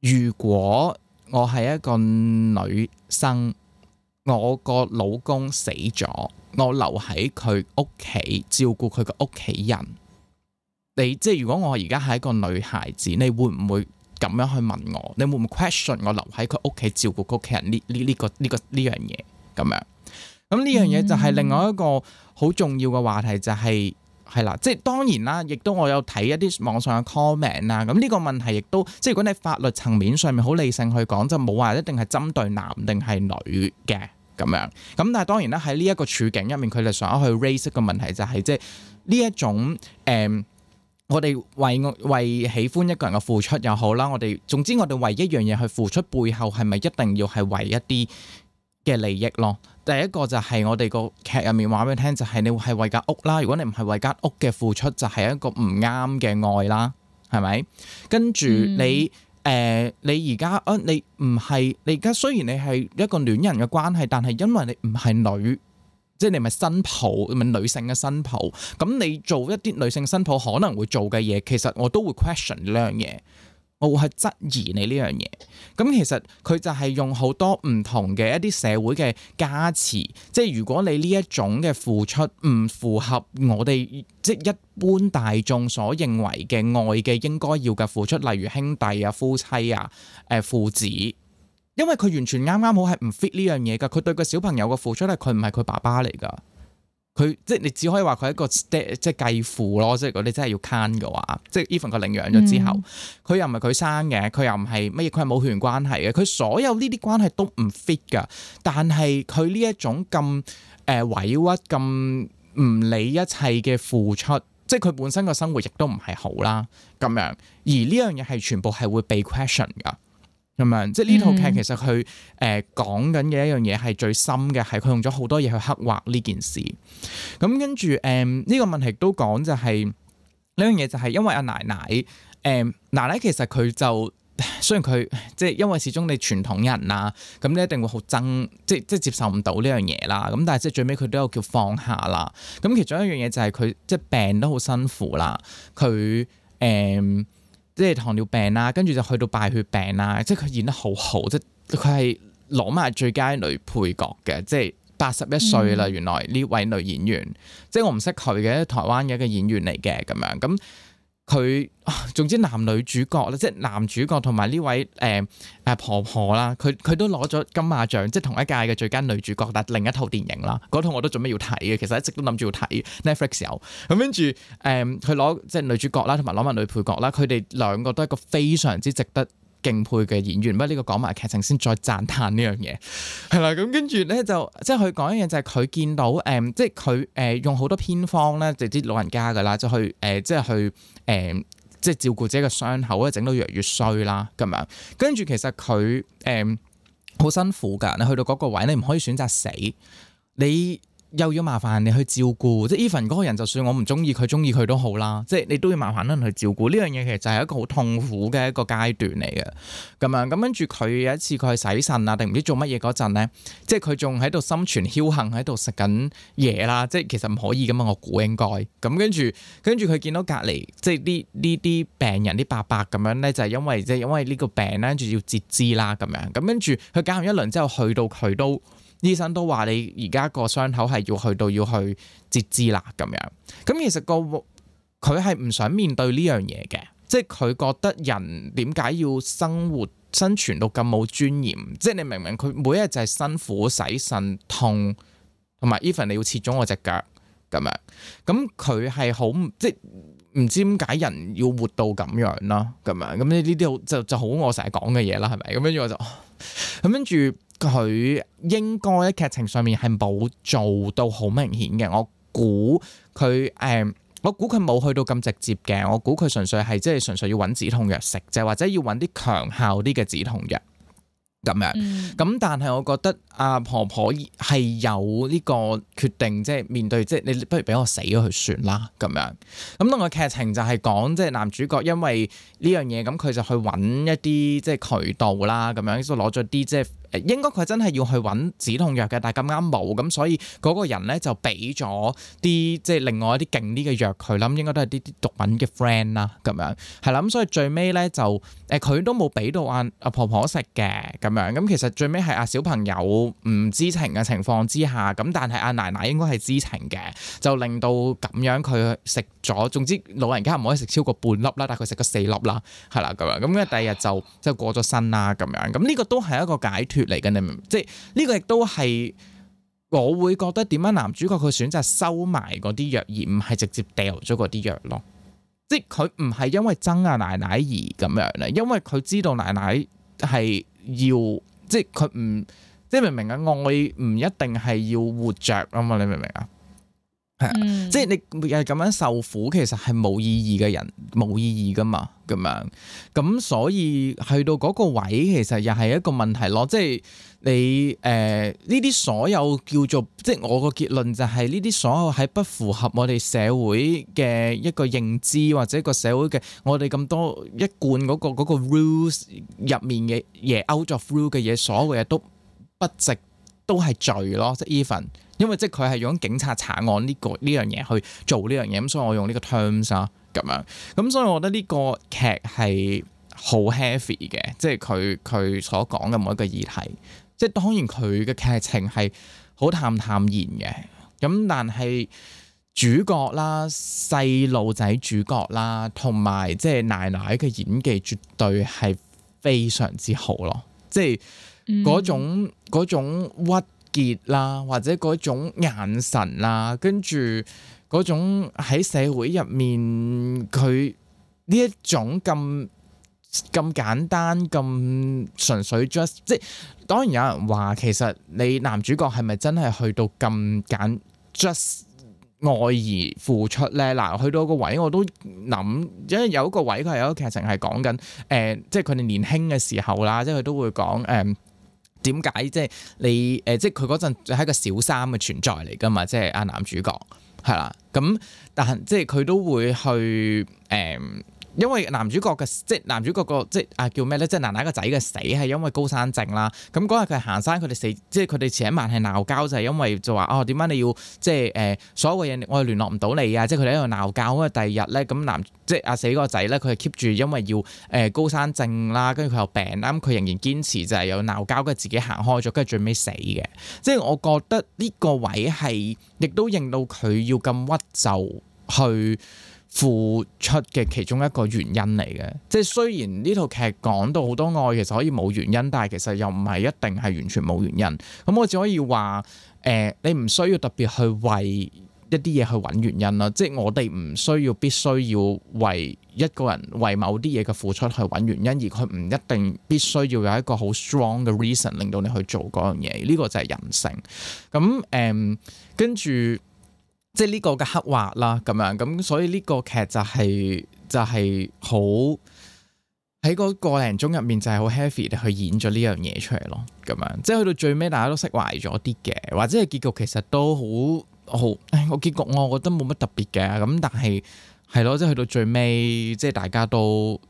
Speaker 1: 如果。我係一個女生，我個老公死咗，我留喺佢屋企照顧佢嘅屋企人。你即係如果我而家係一個女孩子，你會唔會咁樣去問我？你會唔會 question 我留喺佢屋企照顧屋企人呢？呢、呢、呢個呢、呢個呢、呢個呢個、呢樣嘢咁樣？咁呢樣嘢就係另外一個好重要嘅話題，嗯、就係、是。係啦，即係當然啦，亦都我有睇一啲網上嘅 comment 啦。咁、這、呢個問題亦都，即係如果你法律層面上面好理性去講，就冇話一定係針對男定係女嘅咁樣。咁但係當然啦，喺呢一個處境入面，佢哋想去 raise 嘅問題就係、是，即係呢一種誒、呃，我哋為為喜歡一個人嘅付出又好啦，我哋總之我哋為一樣嘢去付出背後係咪一定要係為一啲嘅利益咯？第一個就係我哋個劇入面話俾你聽，就係、是、你係為間屋啦。如果你唔係為間屋嘅付出，就係、是、一個唔啱嘅愛啦，係咪？跟住你誒、嗯呃，你而家啊，你唔係你而家雖然你係一個戀人嘅關係，但係因為你唔係女，即、就、係、是、你咪新抱咪女性嘅新抱，咁你做一啲女性新抱可能會做嘅嘢，其實我都會 question 呢樣嘢。我會質疑你呢樣嘢，咁其實佢就係用好多唔同嘅一啲社會嘅加持。即係如果你呢一種嘅付出唔符合我哋即一般大眾所認為嘅愛嘅應該要嘅付出，例如兄弟啊、夫妻啊、誒父子，因為佢完全啱啱好係唔 fit 呢樣嘢噶，佢對個小朋友嘅付出係佢唔係佢爸爸嚟噶。佢即係你只可以話佢一個 ay, 即係繼父咯，即係如果你真係要 can 嘅話，即係 even 個領養咗之後，佢、嗯、又唔係佢生嘅，佢又唔係乜嘢，佢係冇血緣關係嘅，佢所有呢啲關係都唔 fit 噶。但係佢呢一種咁誒委屈、咁唔理一切嘅付出，即係佢本身個生活亦都唔係好啦。咁樣而呢樣嘢係全部係會被 question 噶。咁樣，即係呢套劇其實佢誒、呃、講緊嘅一樣嘢係最深嘅，係佢用咗好多嘢去刻畫呢件事。咁、嗯、跟住誒呢個問題都講就係呢樣嘢，就係因為阿奶奶誒、嗯、奶奶其實佢就雖然佢即係因為始終你傳統人啦，咁你一定會好憎，即係即係接受唔到呢樣嘢啦。咁但係即係最尾佢都有叫放下啦。咁、嗯、其中一樣嘢就係佢即係病得好辛苦啦，佢誒。嗯即係糖尿病啦、啊，跟住就去到敗血病啦、啊，即係佢演得好好，即係佢係攞埋最佳女配角嘅，即係八十一歲啦。嗯、原來呢位女演員，即係我唔識佢嘅，台灣嘅一個演員嚟嘅咁樣咁，佢。總之男女主角啦，即係男主角同埋呢位誒誒、呃、婆婆啦，佢佢都攞咗金馬獎，即係同一屆嘅最佳女主角，但另一套電影啦，嗰套我都準備要睇嘅，其實一直都諗住要睇 Netflix 有咁跟住誒佢攞、呃、即係女主角啦，同埋攞埋女配角啦，佢哋兩個都係個非常之值得敬佩嘅演員。不過呢個講埋劇情先，再讚歎呢樣嘢係啦。咁跟住咧就即係佢講一樣嘢就係佢見到誒、呃，即係佢誒用好多偏方咧，直啲老人家㗎啦，就去誒，即係去誒。呃即係照顧自己嘅傷口咧，整到越嚟越衰啦，咁樣跟住其實佢誒好辛苦㗎，你去到嗰個位，你唔可以選擇死，你，又要麻煩人你去照顧，即係依份嗰個人，就算我唔中意佢，中意佢都好啦，即係你都要麻煩人去照顧呢樣嘢，其實就係一個好痛苦嘅一個階段嚟嘅，咁樣，咁跟住佢有一次佢去洗腎啊，定唔知做乜嘢嗰陣呢，即係佢仲喺度心存僥倖喺度食緊嘢啦，即係其實唔可以噶嘛，我估應該咁跟住，跟住佢見到隔離即係呢啲啲病人啲伯伯咁樣呢，就係因為即係因為呢個病呢，跟住要截肢啦咁樣，咁跟住佢搞完一輪之後去到佢都。醫生都話你而家個傷口係要去到要去截肢啦咁樣，咁其實個佢係唔想面對呢樣嘢嘅，即係佢覺得人點解要生活生存到咁冇尊嚴？即係你明明佢每一日就係辛苦洗腎，痛，同埋 even 你要切咗我隻腳咁樣，咁佢係好即唔知點解人要活到咁樣啦，咁樣咁呢啲啲就就好我成日講嘅嘢啦，係咪咁跟住我就咁跟住。佢應該喺劇情上面係冇做到好明顯嘅。我估佢誒，我估佢冇去到咁直接嘅。我估佢純粹係即係純粹要揾止痛藥食啫，或者要揾啲強效啲嘅止痛藥咁樣。咁、嗯、但係我覺得阿、啊、婆婆係有呢個決定，即係面對即係你不如俾我死咗佢算啦咁樣。咁另外劇情就係講即係男主角因為呢樣嘢咁，佢就去揾一啲即係渠道啦，咁樣都攞咗啲即係。誒應該佢真係要去揾止痛藥嘅，但係咁啱冇，咁所以嗰個人呢，就俾咗啲即係另外一啲勁啲嘅藥佢啦，咁應該都係啲啲毒品嘅 friend 啦，咁樣係啦，咁所以最尾呢，就誒佢、呃、都冇俾到阿阿婆婆食嘅，咁樣咁其實最尾係阿小朋友唔知情嘅情況之下，咁但係阿奶奶應該係知情嘅，就令到咁樣佢食咗，總之老人家唔可以食超過半粒啦，但係佢食咗四粒啦，係啦咁樣，咁跟住第二日就即係過咗身啦，咁樣，咁呢、呢個都係一個解脫。嚟嘅，你明唔明？即係呢個亦都係我會覺得，點解男主角佢選擇收埋嗰啲藥，而唔係直接掉咗嗰啲藥咯。即係佢唔係因為憎阿奶奶而咁樣咧，因為佢知道奶奶係要，即係佢唔，即係明唔明啊？愛唔一定係要活着啊嘛，你明唔明啊？係啊，嗯、即係你又係咁樣受苦，其實係冇意義嘅人，冇意義噶嘛，咁樣咁所以去到嗰個位，其實又係一個問題咯。即係你誒呢啲所有叫做，即係我個結論就係呢啲所有喺不符合我哋社會嘅一個認知或者一個社會嘅我哋咁多一貫嗰個嗰個 rules 入面嘅嘢 out of rule 嘅嘢，所有嘢都不值，都係罪咯，即係 even。因為即係佢係用警察查案呢、呢個呢樣嘢去做呢樣嘢，咁所以我用呢個 terms 啦，咁樣咁、嗯、所以我覺得呢個劇係好 heavy 嘅，即係佢佢所講嘅某一個議題，即係當然佢嘅劇情係好淡淡然嘅，咁但係主角啦、細路仔主角啦，同埋即係奶奶嘅演技絕對係非常之好咯，即係嗰種嗰種屈。嗯結啦，或者嗰種眼神啦，跟住嗰種喺社會入面，佢呢一種咁咁簡單咁純粹 just，即係當然有人話其實你男主角係咪真係去到咁簡 just 愛而付出咧？嗱，去到個位我都諗，因為有一個位佢係有個劇情係講緊誒，即係佢哋年輕嘅時候啦，即係佢都會講誒。呃點解即係你誒？即係佢嗰陣係一個小三嘅存在嚟㗎嘛？即係阿男主角係啦。咁但係即係佢都會去誒。呃因為男主角嘅即係男主角個即係啊叫咩咧？即係奶奶個仔嘅死係因為高山症啦。咁嗰日佢行山，佢哋死即係佢哋前一晚係鬧交，就係、是、因為就話哦，點解你要即係誒、呃、所有嘅人我哋聯絡唔到你啊！即係佢哋喺度鬧交。跟住第二日咧，咁男即係、啊、阿死嗰個仔咧，佢係 keep 住因為要誒、呃、高山症啦，跟住佢又病啦，佢仍然堅持就係有鬧交，跟住自己行開咗，跟住最尾死嘅。即係我覺得呢個位係亦都認到佢要咁屈就去。付出嘅其中一個原因嚟嘅，即係雖然呢套劇講到好多愛，其實可以冇原因，但係其實又唔係一定係完全冇原因。咁、嗯、我只可以話，誒、呃，你唔需要特別去為一啲嘢去揾原因啦。即係我哋唔需要必須要為一個人為某啲嘢嘅付出去揾原因，而佢唔一定必須要有一個好 strong 嘅 reason 令到你去做嗰樣嘢。呢、這個就係人性。咁、嗯、誒、嗯，跟住。即係呢個嘅刻畫啦，咁樣咁，所以呢個劇就係、是、就係好喺個個零鐘入面就係好 heavy 嘅去演咗呢樣嘢出嚟咯，咁樣即係去到最尾大家都釋懷咗啲嘅，或者係結局其實都好好，哎，我結局我覺得冇乜特別嘅，咁但係係咯，即係去到最尾即係大家都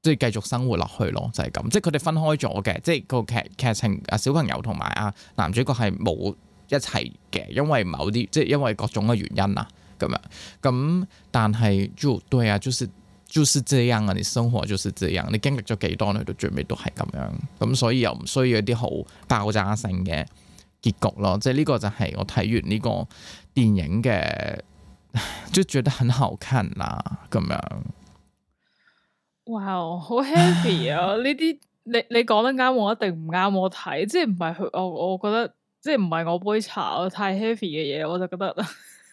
Speaker 1: 即係繼續生活落去咯，就係、是、咁，即係佢哋分開咗嘅，即係個劇劇情啊，小朋友同埋啊男主角係冇。一齊嘅，因為某啲即係因為各種嘅原因啊，咁樣咁，但係就對啊，就是就是這樣啊，你生活就是這樣，你經歷咗幾多，你到最尾都係咁樣，咁所以又唔需要一啲好爆炸性嘅結局咯，啊， 即係呢個就係我睇完呢個電影嘅就覺得很好看啦，咁樣
Speaker 2: 哇好 heavy 啊，呢啲你你講得啱，我一定唔啱，我睇，即係唔係去，我我覺得。即係唔係我杯茶咯，我太 heavy 嘅嘢我就覺得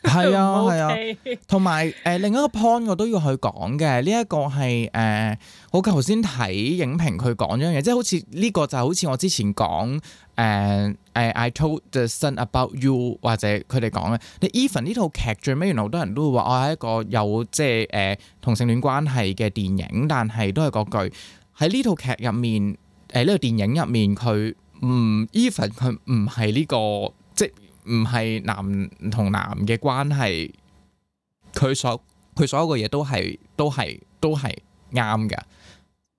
Speaker 2: 係啊係啊，
Speaker 1: 同埋誒另一個 point 我都要去講嘅，呢、這、一個係誒、呃、我頭先睇影評佢講一樣嘢，即係好似呢個就好似我之前講誒誒 I Told Sunset About You 或者佢哋講嘅，你 even 呢套劇最尾原來好多人都會話我係一個有即係誒、呃、同性戀關係嘅電影，但係都係嗰句，喺呢套劇入面誒呢、呃這個電影入面佢。唔，Even 佢唔係呢個，即係唔係男同男嘅關係，佢所佢所有嘅嘢都係都係都係啱嘅，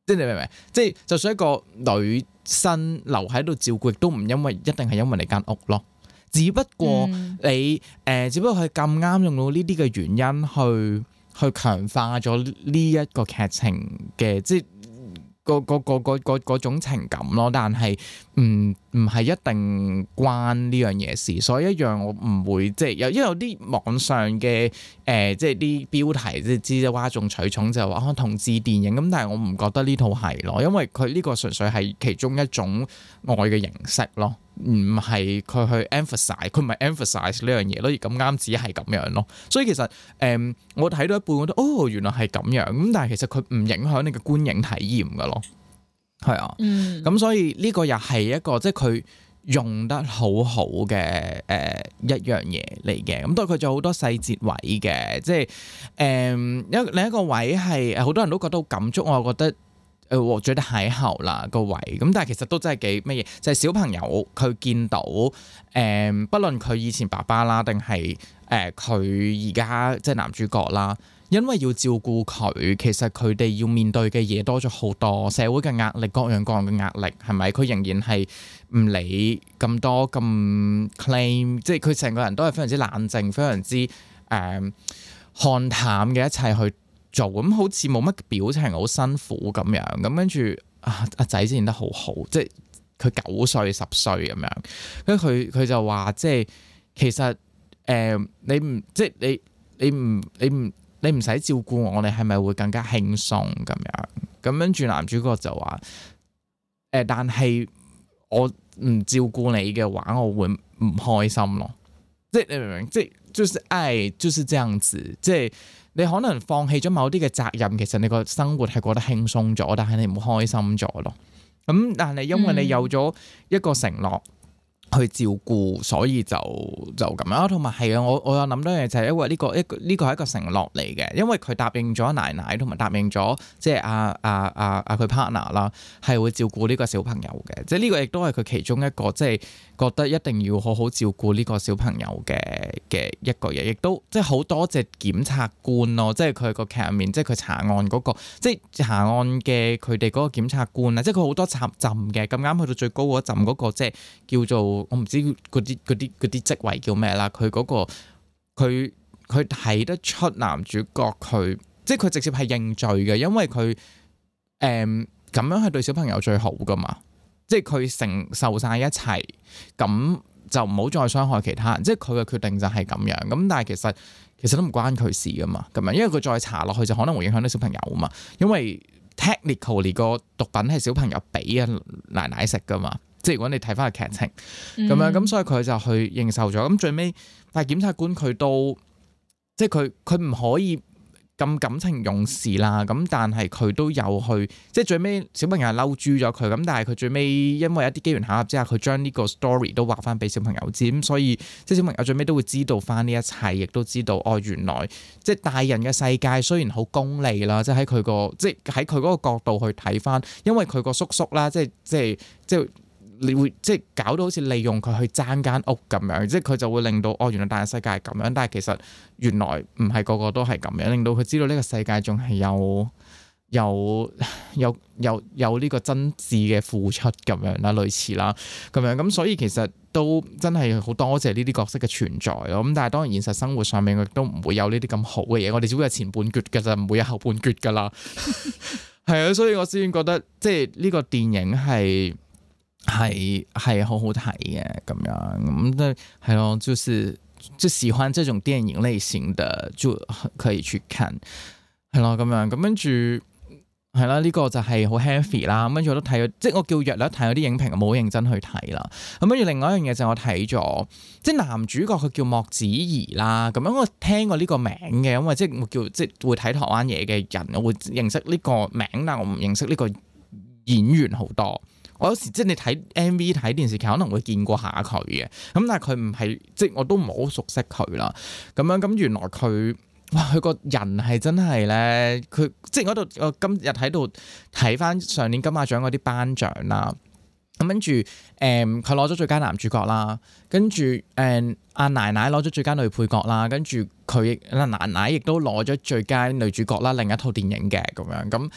Speaker 1: 即係你明唔明？即係就算一個女生留喺度照顧，亦都唔因為一定係因為你間屋咯，只不過你誒、嗯呃，只不過佢咁啱用到呢啲嘅原因去去強化咗呢一個劇情嘅，即係。個個個個個種情感咯，但係唔唔係一定關呢樣嘢事，所以一樣我唔會即係有因為有啲網上嘅誒、呃、即係啲標題即係即係嘩眾取寵就話、啊、同志電影咁，但係我唔覺得呢套係咯，因為佢呢個純粹係其中一種愛嘅形式咯。唔係佢去 emphasize，佢唔係 emphasize 呢樣嘢咯，而咁啱只係咁樣咯。所以其實誒、呃，我睇到一半，我覺得哦，原來係咁樣。咁但係其實佢唔影響你嘅觀影體驗㗎咯，係啊。咁、嗯嗯、所以呢個又係一個即係佢用得好好嘅誒一樣嘢嚟嘅。咁當佢仲有好多細節位嘅，即係誒一另一個位係好多人都覺得好感觸，我覺得。誒獲咗啲邂喉啦個位，咁、嗯、但係其實都真係幾乜嘢，就係、是、小朋友佢見到誒、嗯，不論佢以前爸爸啦，定係誒佢而家即係男主角啦，因為要照顧佢，其實佢哋要面對嘅嘢多咗好多，社會嘅壓力，各樣各樣嘅壓力係咪？佢仍然係唔理咁多咁 claim，即係佢成個人都係非常之冷靜，非常之誒看、嗯、淡嘅一切去。做咁好似冇乜表情，好辛苦咁樣。咁跟住啊，阿仔演得好好，即係佢九歲十歲咁樣。咁跟住佢佢就話，即係其實誒、呃，你唔即係你你唔你唔你唔使照顧我，你係咪會更加輕鬆咁樣？咁跟住男主角就話，誒、呃，但係我唔照顧你嘅話，我會唔開心咯。即係，你明唔明？即係，唉，就是這樣子。即係。你可能放棄咗某啲嘅責任，其實你個生活係過得輕鬆咗，但係你唔開心咗咯。咁但係因為你有咗一個承諾、嗯、去照顧，所以就就咁樣。同埋係啊，我我有諗到嘢，就係因為呢、呢個一呢、呢個係、呢個、一個承諾嚟嘅，因為佢答應咗奶奶，同埋答應咗即係阿阿阿阿佢 partner 啦，係、啊啊啊、會照顧呢個小朋友嘅。即係呢個亦都係佢其中一個即係。覺得一定要好好照顧呢個小朋友嘅嘅一個嘢，亦都即係好多隻檢察官咯、哦，即係佢個劇入面，即係佢查案嗰、嗰個，即係查案嘅佢哋嗰個檢察官啦，即係佢好多插陣嘅，咁啱去到最高嗰陣嗰個，即係叫做我唔知嗰啲嗰啲啲職位叫咩啦，佢嗰、嗰個佢佢睇得出男主角佢即係佢直接係認罪嘅，因為佢誒咁樣係對小朋友最好噶嘛。即係佢承受晒一切，咁就唔好再傷害其他人。即係佢嘅決定就係咁樣。咁但係其實其實都唔關佢事噶嘛。咁樣，因為佢再查落去就可能會影響到小朋友啊嘛。因為 technically 呢個毒品係小朋友俾啊奶奶食噶嘛。即係如果你睇翻個劇情咁、嗯、樣，咁所以佢就去認受咗。咁最尾，但係檢察官佢都即係佢佢唔可以。咁感情用事啦，咁但係佢都有去，即係最尾小朋友係嬲住咗佢，咁但係佢最尾因為一啲機緣巧合之下，佢將呢個 story 都畫翻俾小朋友知，咁所以即係小朋友最尾都會知道翻呢一切，亦都知道哦，原來即係大人嘅世界雖然好功利啦，即係喺佢個即係喺佢嗰個角度去睇翻，因為佢個叔叔啦，即係即係。即係。你會即係搞到好似利用佢去爭間屋咁樣，即係佢就會令到哦，原來大世界係咁樣，但係其實原來唔係個個都係咁樣，令到佢知道呢個世界仲係有有有有有呢個真摯嘅付出咁樣啦，類似啦，咁樣咁，所以其實都真係好多謝呢啲角色嘅存在咯。咁但係當然現實生活上面亦都唔會有呢啲咁好嘅嘢，我哋只會係前半橛嘅，就唔會有後半橛噶啦。係啊， 所以我先覺得即係呢、呢個電影係。係係好好睇嘅咁樣，咁都係咯，就是即就喜歡這種電影類型的就可以去睇，係咯咁樣咁跟住係啦，呢、這個就係好 heavy 啦。咁跟住我都睇咗，即係我叫約略睇咗啲影評，冇認真去睇啦。咁跟住另外一樣嘢就我睇咗，即係男主角佢叫莫子儀啦。咁樣我聽過呢個名嘅，因為即係我叫即係會睇台灣嘢嘅人，我會認識呢個名啦。但我唔認識呢個演員好多。我有時即係你睇 MV 睇電視劇可能會見過下佢嘅，咁但係佢唔係即係我都唔係好熟悉佢啦。咁樣咁原來佢哇佢個人係真係咧，佢即係嗰度我今日喺度睇返上年金馬獎嗰啲頒獎啦。咁跟住誒佢攞咗最佳男主角啦，跟住誒阿奶奶攞咗最佳女配角啦，跟住佢阿奶奶亦都攞咗最佳女主角啦，另一套電影嘅咁樣咁。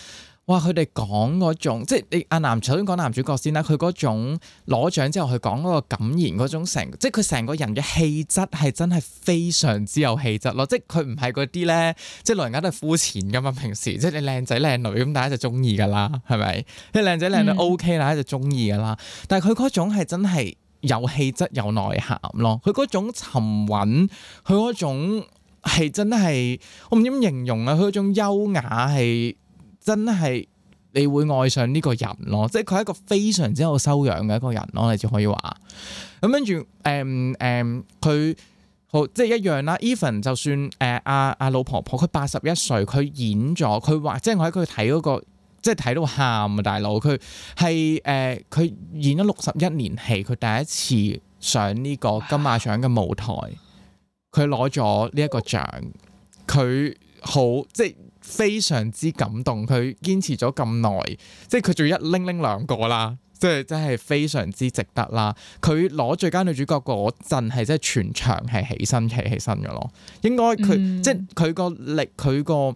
Speaker 1: 哇！佢哋講嗰種，即係你阿、啊、男，首先講男主角先啦。佢嗰種攞獎之後佢講嗰個感言嗰種成，即係佢成個人嘅氣質係真係非常之有氣質咯。即係佢唔係嗰啲咧，即係老人家都係膚淺噶嘛。平時即係你靚仔靚女咁，大家就中意噶啦，係咪？即你靚仔靚女 OK 啦，大家就中意噶啦。但係佢嗰種係真係有氣質有內涵咯。佢嗰種沉穩，佢嗰種係真係我唔知點形容啊。佢嗰種優雅係。真係你會愛上呢個人咯，即係佢係一個非常之有修養嘅一個人咯，你就可以話咁跟住，誒誒，佢、呃呃、好即係一樣啦。Even 就算誒阿阿老婆婆，佢八十一歲，佢演咗，佢話即係我喺佢睇嗰個，即係睇到喊啊！大佬，佢係誒佢演咗六十一年戲，佢第一次上呢個金馬獎嘅舞台，佢攞咗呢一個獎，佢好即係。非常之感動，佢堅持咗咁耐，即係佢仲要一拎拎兩個啦，即係真係非常之值得啦。佢攞最佳女主角嗰陣係即係全場係起身企起，起身嘅咯，應該佢、嗯、即係佢個力佢個。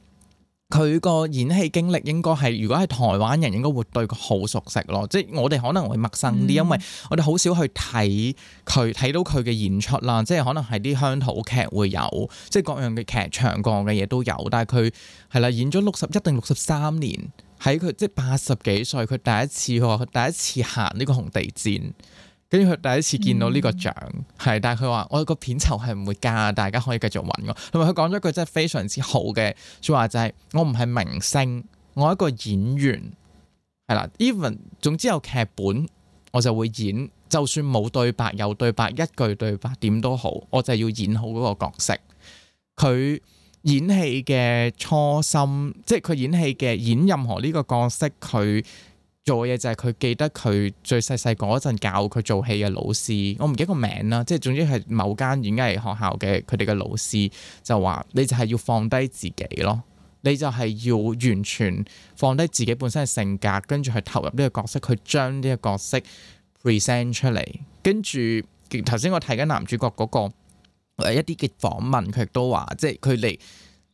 Speaker 1: 佢個演戲經歷應該係，如果係台灣人，應該會對佢好熟悉咯。即係我哋可能會陌生啲，因為我哋好少去睇佢睇到佢嘅演出啦。即係可能係啲鄉土劇會有，即係各樣嘅劇場各樣嘅嘢都有。但係佢係啦，演咗六十一定六十三年，喺佢即係八十幾歲，佢第一次，佢第一次行呢個紅地氈。跟住佢第一次見到呢個獎，係、嗯，但係佢話我個片酬係唔會加，大家可以繼續揾我。同埋佢講咗句真係非常之好嘅說話，就係我唔係明星，我係一個演員，係啦。Even 總之有劇本我就會演，就算冇對白有對白，一句對白點都好，我就要演好嗰個角色。佢演戲嘅初心，即係佢演戲嘅演任何呢個角色，佢。做嘢就係佢記得佢最細細嗰陣教佢做戲嘅老師，我唔記得個名啦，即係總之係某間演藝學校嘅佢哋嘅老師就話，你就係要放低自己咯，你就係要完全放低自己本身嘅性格，跟住去投入呢個角色，去將呢個角色 present 出嚟。跟住頭先我睇緊男主角嗰個一啲嘅訪問，佢都話即係佢嚟，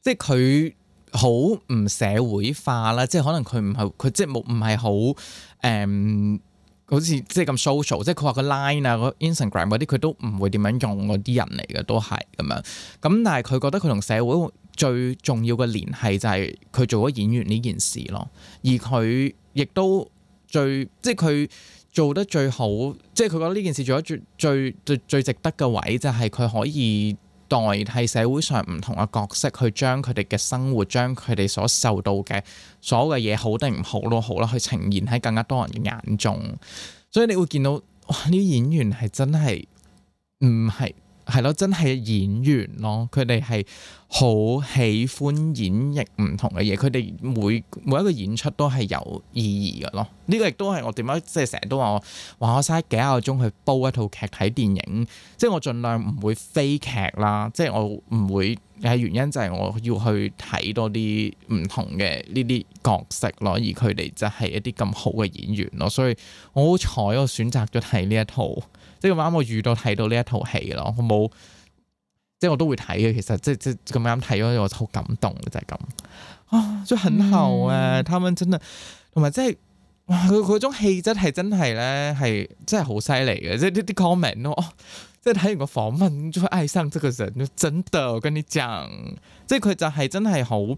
Speaker 1: 即係佢。好唔社會化啦，即係可能佢唔係，佢即係冇唔係好誒，好似即係咁 social，即係佢話個 line 啊、個 Instagram 嗰啲，佢都唔會點樣用嗰啲人嚟嘅，都係咁樣，咁但係佢覺得佢同社會最重要嘅聯繫就係佢做咗演員呢件事咯。而佢亦都最即係佢做得最好，即係佢覺得呢件事做得最最最最值得嘅位，就係佢可以。代替社會上唔同嘅角色，去將佢哋嘅生活，將佢哋所受到嘅所有嘅嘢，好定唔好都好啦，去呈現喺更加多人嘅眼中。所以你會見到，哇！呢啲演員係真係唔係。係咯，真係演員咯，佢哋係好喜歡演繹唔同嘅嘢，佢哋每每一個演出都係有意義㗎咯。呢、這個亦都係我點解即係成日都話我話我嘥幾啊個鐘去煲一套劇睇電影，即係我盡量唔會飛劇啦，即係我唔會。係原因就係我要去睇多啲唔同嘅呢啲角色咯，而佢哋就係一啲咁好嘅演員咯，所以我好彩我選擇咗睇呢一套。即咁啱我遇到睇到呢一套戲咯，好好我冇即係我都會睇嘅。其實即即咁啱睇咗，我就好感動就係咁啊！即很好啊，嗯、他們真係同埋即係哇，佢佢種氣質係真係咧，係真係好犀利嘅。即呢啲 comment 咯、哦，即睇完個訪問就會愛上這個人咯。真的，我跟你講，即佢就係真係好。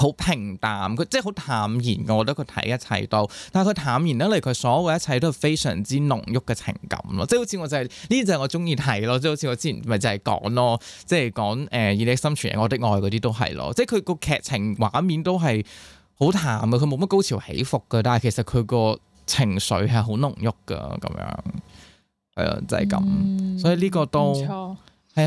Speaker 1: 好平淡，佢即係好淡然嘅。我覺得佢睇一切都，但係佢淡然得嚟，佢所有嘅一切都係非常之濃郁嘅情感、就是、咯。即係好似我就係呢啲就係我中意睇咯。即係好似我之前咪就係講咯，即係講誒《以你心詮釋我的愛》嗰啲都係咯。即係佢個劇情畫面都係好淡嘅，佢冇乜高潮起伏嘅。但係其實佢個情緒係好濃郁嘅咁樣，係啊，就係咁。所以呢、嗯、個都。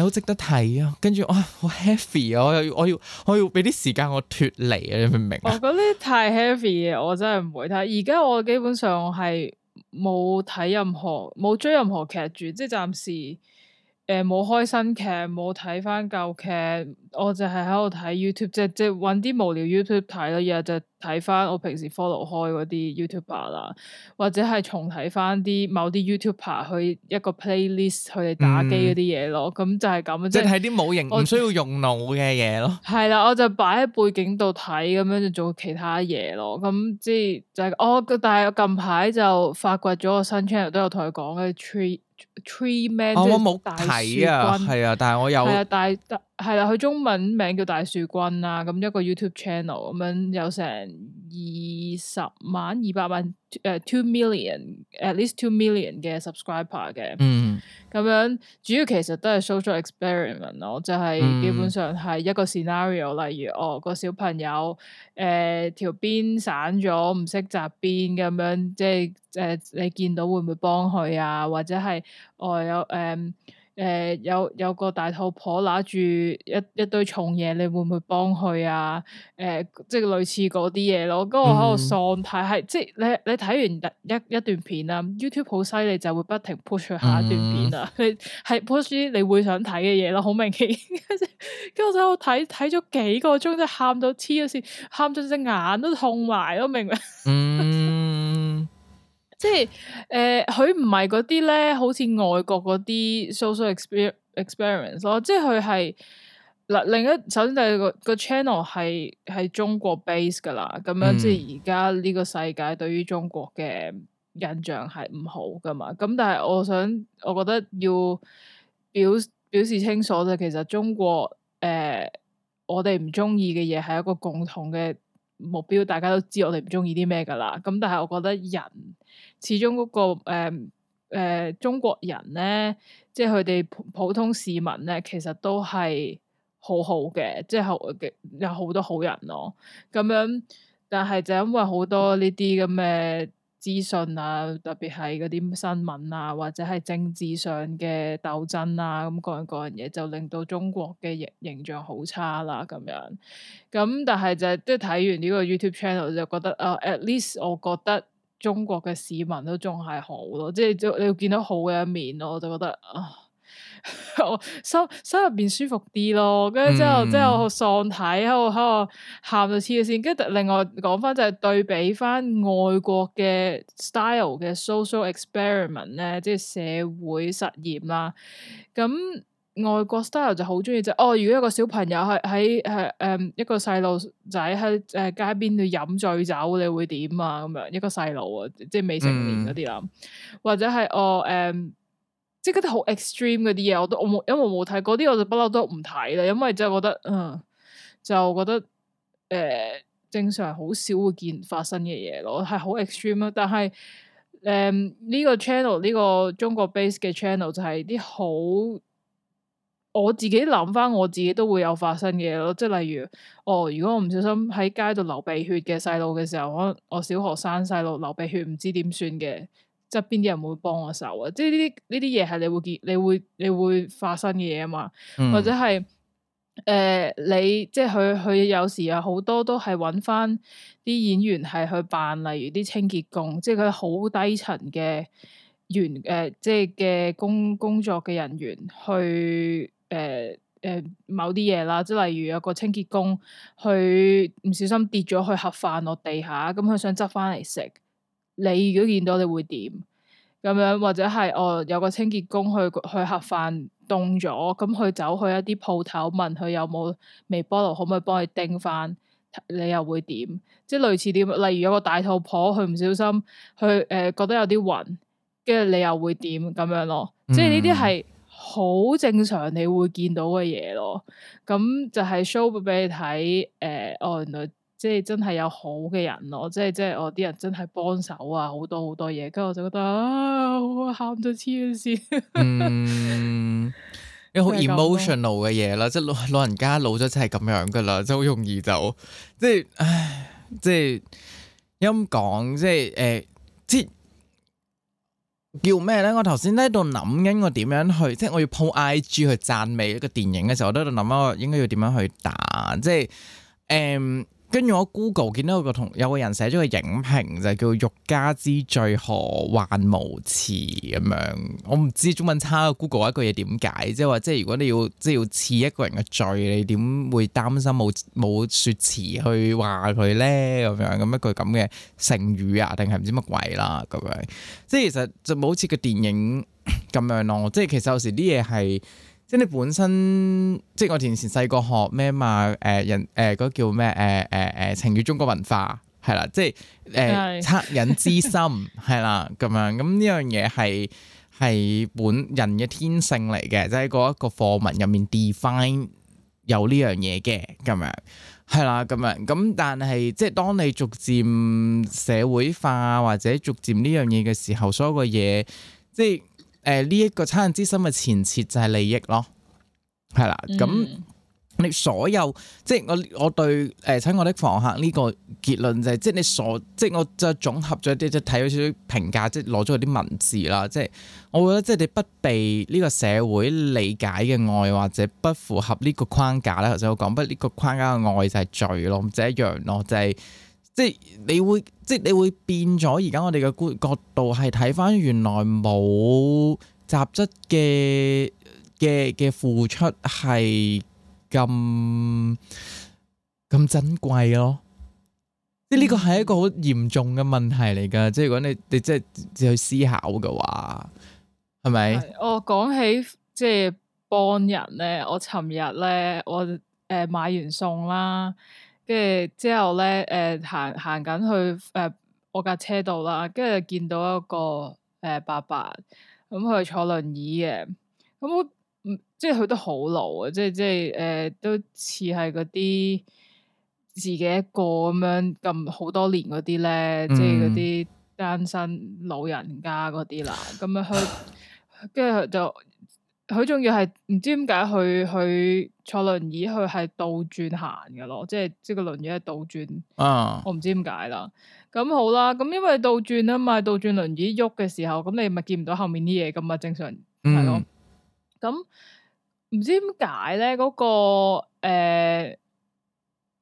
Speaker 1: 好值得睇啊！跟住、哎，我好 heavy 啊！我又要我要我要俾啲時間我脫離啊！你明唔明？我
Speaker 2: 覺得太 heavy 嘅，我真係唔會睇。而家我基本上係冇睇任何冇追任何劇住，即係暫時。誒，冇、呃、開新劇，冇睇翻舊劇，我就係喺度睇 YouTube 啫，即係搵啲無聊 YouTube 睇咯。日日就睇翻我平時 follow 開嗰啲 YouTuber 啦，或者係重睇翻啲某啲 YouTuber 去一個 playlist 佢哋打機嗰啲嘢咯。咁、嗯、就係咁，即係睇啲冇型，唔需要用
Speaker 1: 腦嘅嘢咯。
Speaker 2: 係啦我就，我就擺喺背景度睇，咁樣就做其他嘢咯。咁即係就係、是、我、就是哦，但係我近排就發掘咗個新 channel，都有同佢講嘅 treat。tree man 即係、哦、大樹君我冇睇啊。係啊，但係我有係啦，佢中文名叫大樹君啦，咁一個 YouTube channel 咁樣有成二十萬二百萬誒 two million at least two million 嘅 subscriber 嘅，嗯、咁樣主要其實都係 social experiment 咯，就係基本上係一個 scenario，例如哦個小朋友誒條辮散咗唔識紮辮咁樣，即係誒、呃、你見到會唔會幫佢啊？或者係哦有誒。嗯誒、呃，有有個大肚婆拿住一一堆重嘢，你會唔會幫佢啊？誒、呃，即係類似嗰啲嘢咯。咁我喺度喪睇，係、嗯、即係你你睇完一一段片啦，YouTube 好犀利，就會不停 push 下一段片啊。嗯、你係 push 你會想睇嘅嘢咯，好明顯。跟 住，跟住我喺度睇睇咗幾個鐘，即係喊到黐咗線，喊咗隻眼都痛埋咯，明唔明？ 嗯即係，誒、呃，佢唔係嗰啲咧，好似外國嗰啲 social experience experience 咯。即係佢係嗱，另一首先第一個個 channel 係係中國 base 噶啦。咁樣、嗯、即係而家呢個世界對於中國嘅印象係唔好噶嘛。咁但係我想，我覺得要表表示清楚就，其實中國誒、呃，我哋唔中意嘅嘢係一個共同嘅。目標大家都知我，我哋唔中意啲咩㗎喇。咁但係我覺得人始終嗰、嗰個誒、呃呃、中國人咧，即係佢哋普通市民咧，其實都係好好嘅，即係有好多好人咯。咁樣，但係就因為好多呢啲咁嘅資訊啊，特別係嗰啲新聞啊，或者係政治上嘅鬥爭啊，咁各樣各樣嘢就令到中國嘅形形象好差啦，咁樣。咁但係就係睇完呢個 YouTube channel 就覺得啊，呃，at least 我覺得中國嘅市民都仲係好咯，即係你要見到好嘅一面咯，我就覺得啊。呃我心心入邊舒服啲咯，跟住之後之後喪睇，喺我喺度喊到黐線。跟住另外講翻就係對比翻外國嘅 style 嘅 social experiment 咧，即係社會實驗啦。咁、嗯嗯、外國 style 就好中意就哦，如果有個、嗯、一個小朋友係喺係誒一個細路仔喺誒街邊度飲醉酒，你會點啊？咁樣一個細路啊，即係未成年嗰啲啦，嗯、或者係哦。誒、嗯。即係嗰啲好 extreme 嗰啲嘢，我都我冇，因為冇睇嗰啲，我就不嬲都唔睇啦。因為即係覺得，嗯、呃，就覺得誒、呃，正常好少會見發生嘅嘢咯，係好 extreme 咯。但係誒呢個 channel 呢個中國 base 嘅 channel 就係啲好，我自己諗翻我自己都會有發生嘅嘢咯。即係例如，哦，如果我唔小心喺街度流鼻血嘅細路嘅時候，我我小學生細路流鼻血唔知點算嘅。即係側邊啲人會幫我手啊？即係呢啲呢啲嘢係你會見，你會你會發生嘅嘢啊嘛？
Speaker 1: 嗯、或者係
Speaker 2: 誒、呃、你即係佢佢有時有好多都係揾翻啲演員係去扮，例如啲清潔工，即係佢好低層嘅員誒，即係嘅工工作嘅人員去誒誒、呃呃、某啲嘢啦，即係例如有個清潔工去唔小心跌咗去盒飯落地下，咁佢想執翻嚟食。你如果見到你會點咁樣，或者係哦，有個清潔工去去盒飯凍咗，咁佢走去一啲鋪頭問佢有冇微波爐，可唔可以幫佢叮翻？你又會點？即係類似點？例如有個大肚婆，佢唔小心，佢誒、呃、覺得有啲暈，跟住你又會點咁樣咯？嗯、即係呢啲係好正常你會見到嘅嘢咯。咁就係 show 俾你睇誒，我、呃哦、原來。即係真係有好嘅人咯，即係即係我啲人真係幫手啊，好多好多嘢，跟住我就覺得啊，我喊咗黐線。 嗯，一
Speaker 1: 個好 emotional 嘅嘢啦，即係老老人家老咗就係咁樣噶啦，即係好容易就即係，唉，即係，又咁講，即係誒、呃，即係叫咩咧？我頭先喺度諗緊我點樣去，即係我要 po IG 去讚美一個電影嘅時候，我都喺度諗我應該要點樣去打，即係誒。嗯跟住我 Google 見到有個同有個人寫咗個影評就係叫《欲加之罪，何患無辭》咁樣，我唔知中文差 Google 一句嘢點解，即係話即係如果你要即係要刺一個人嘅罪，你點會擔心冇冇説詞去話佢咧咁樣？咁一句咁嘅成語啊，定係唔知乜鬼啦、啊、咁樣？即係其實就冇好似個電影咁樣咯，即係其實有時啲嘢係。即係本身，即係我以前細個學咩嘛？誒、呃、人誒嗰、呃呃、叫咩？誒誒誒情與中國文化係啦，即係誒惻隱之心係啦咁樣。咁呢樣嘢係係本人嘅天性嚟嘅，即喺嗰一個課文入面 define 有呢樣嘢嘅咁樣係啦咁樣。咁但係即係當你逐漸社會化或者逐漸呢樣嘢嘅時候，所有嘅嘢即係。誒，呢一、呃這個惻隱之心嘅前設就係利益咯，係啦。咁、嗯、你所有即係我我對誒，睇、呃、親愛的房客呢個結論就係、是，即係你所即係我就綜合咗啲即睇咗少少評價，即係攞咗嗰啲文字啦。即係我覺得即係你不被呢個社會理解嘅愛，或者不符合呢個框架咧。頭先我講不呢個框架嘅愛就係罪咯，唔就一樣咯，就係、是、即係你會。即係你會變咗，而家我哋嘅觀角度係睇翻原來冇雜質嘅嘅嘅付出係咁咁珍貴咯。即係呢個係一個好嚴重嘅問題嚟噶。即係如果你你真係去思考嘅話，係咪？
Speaker 2: 我講起即係幫人咧，我尋日咧，我誒、呃、買完餸啦。跟住之後咧，誒行行緊去誒、呃、我架車度啦，跟住見到一個誒伯伯，咁、呃、佢、嗯、坐輪椅嘅，咁即係佢都好老啊，即係即係誒、呃、都似係嗰啲自己一個咁樣咁好多年嗰啲咧，嗯、即係嗰啲單身老人家嗰啲啦，咁樣去跟住佢就。佢仲要係唔知點解，佢佢坐輪椅佢係倒轉行噶咯，即係即、個輪椅係倒轉，啊、我唔知點解啦。咁好啦，咁因為倒轉啊嘛，倒轉輪椅喐嘅時候，咁你咪見唔到後面啲嘢噶嘛，正常係、嗯、咯。咁、嗯、唔、嗯、知點解咧？嗰、個誒。呃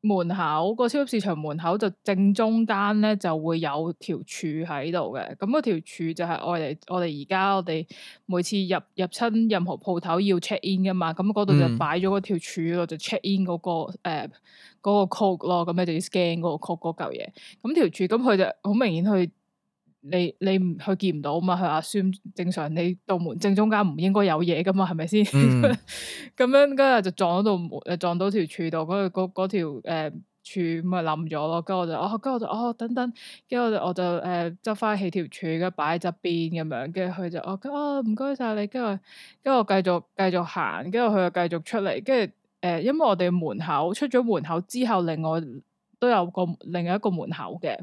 Speaker 2: 門口、嗰個超級市場門口就正中間咧，就會有條柱喺度嘅。咁嗰條柱就係我哋我哋而家我哋每次入入親任何鋪頭要 check in 噶嘛，咁嗰度就擺咗嗰條柱咯，就 check in 嗰、嗰個誒嗰、呃嗰個 code 咯，咁你就要 scan 嗰個 code 嗰嚿嘢。咁條柱咁佢就好明顯去。你你唔，佢見唔到嘛？佢話阿叔正常，你道門正中間唔應該有嘢噶嘛？係咪先？咁、嗯、 樣跟住就撞喺度門，撞到條柱度，嗰嗰條誒柱咪冧咗咯。跟住我就哦，跟住我就哦等等，跟住我就誒執翻起條柱跟住擺側邊咁樣。跟住佢就哦，唔該晒你。跟住跟住我繼續繼續行，跟住佢就繼續出嚟。跟住誒，因為我哋門口出咗門口之後另外，令我。都有個另，個，那那個另一個門口嘅，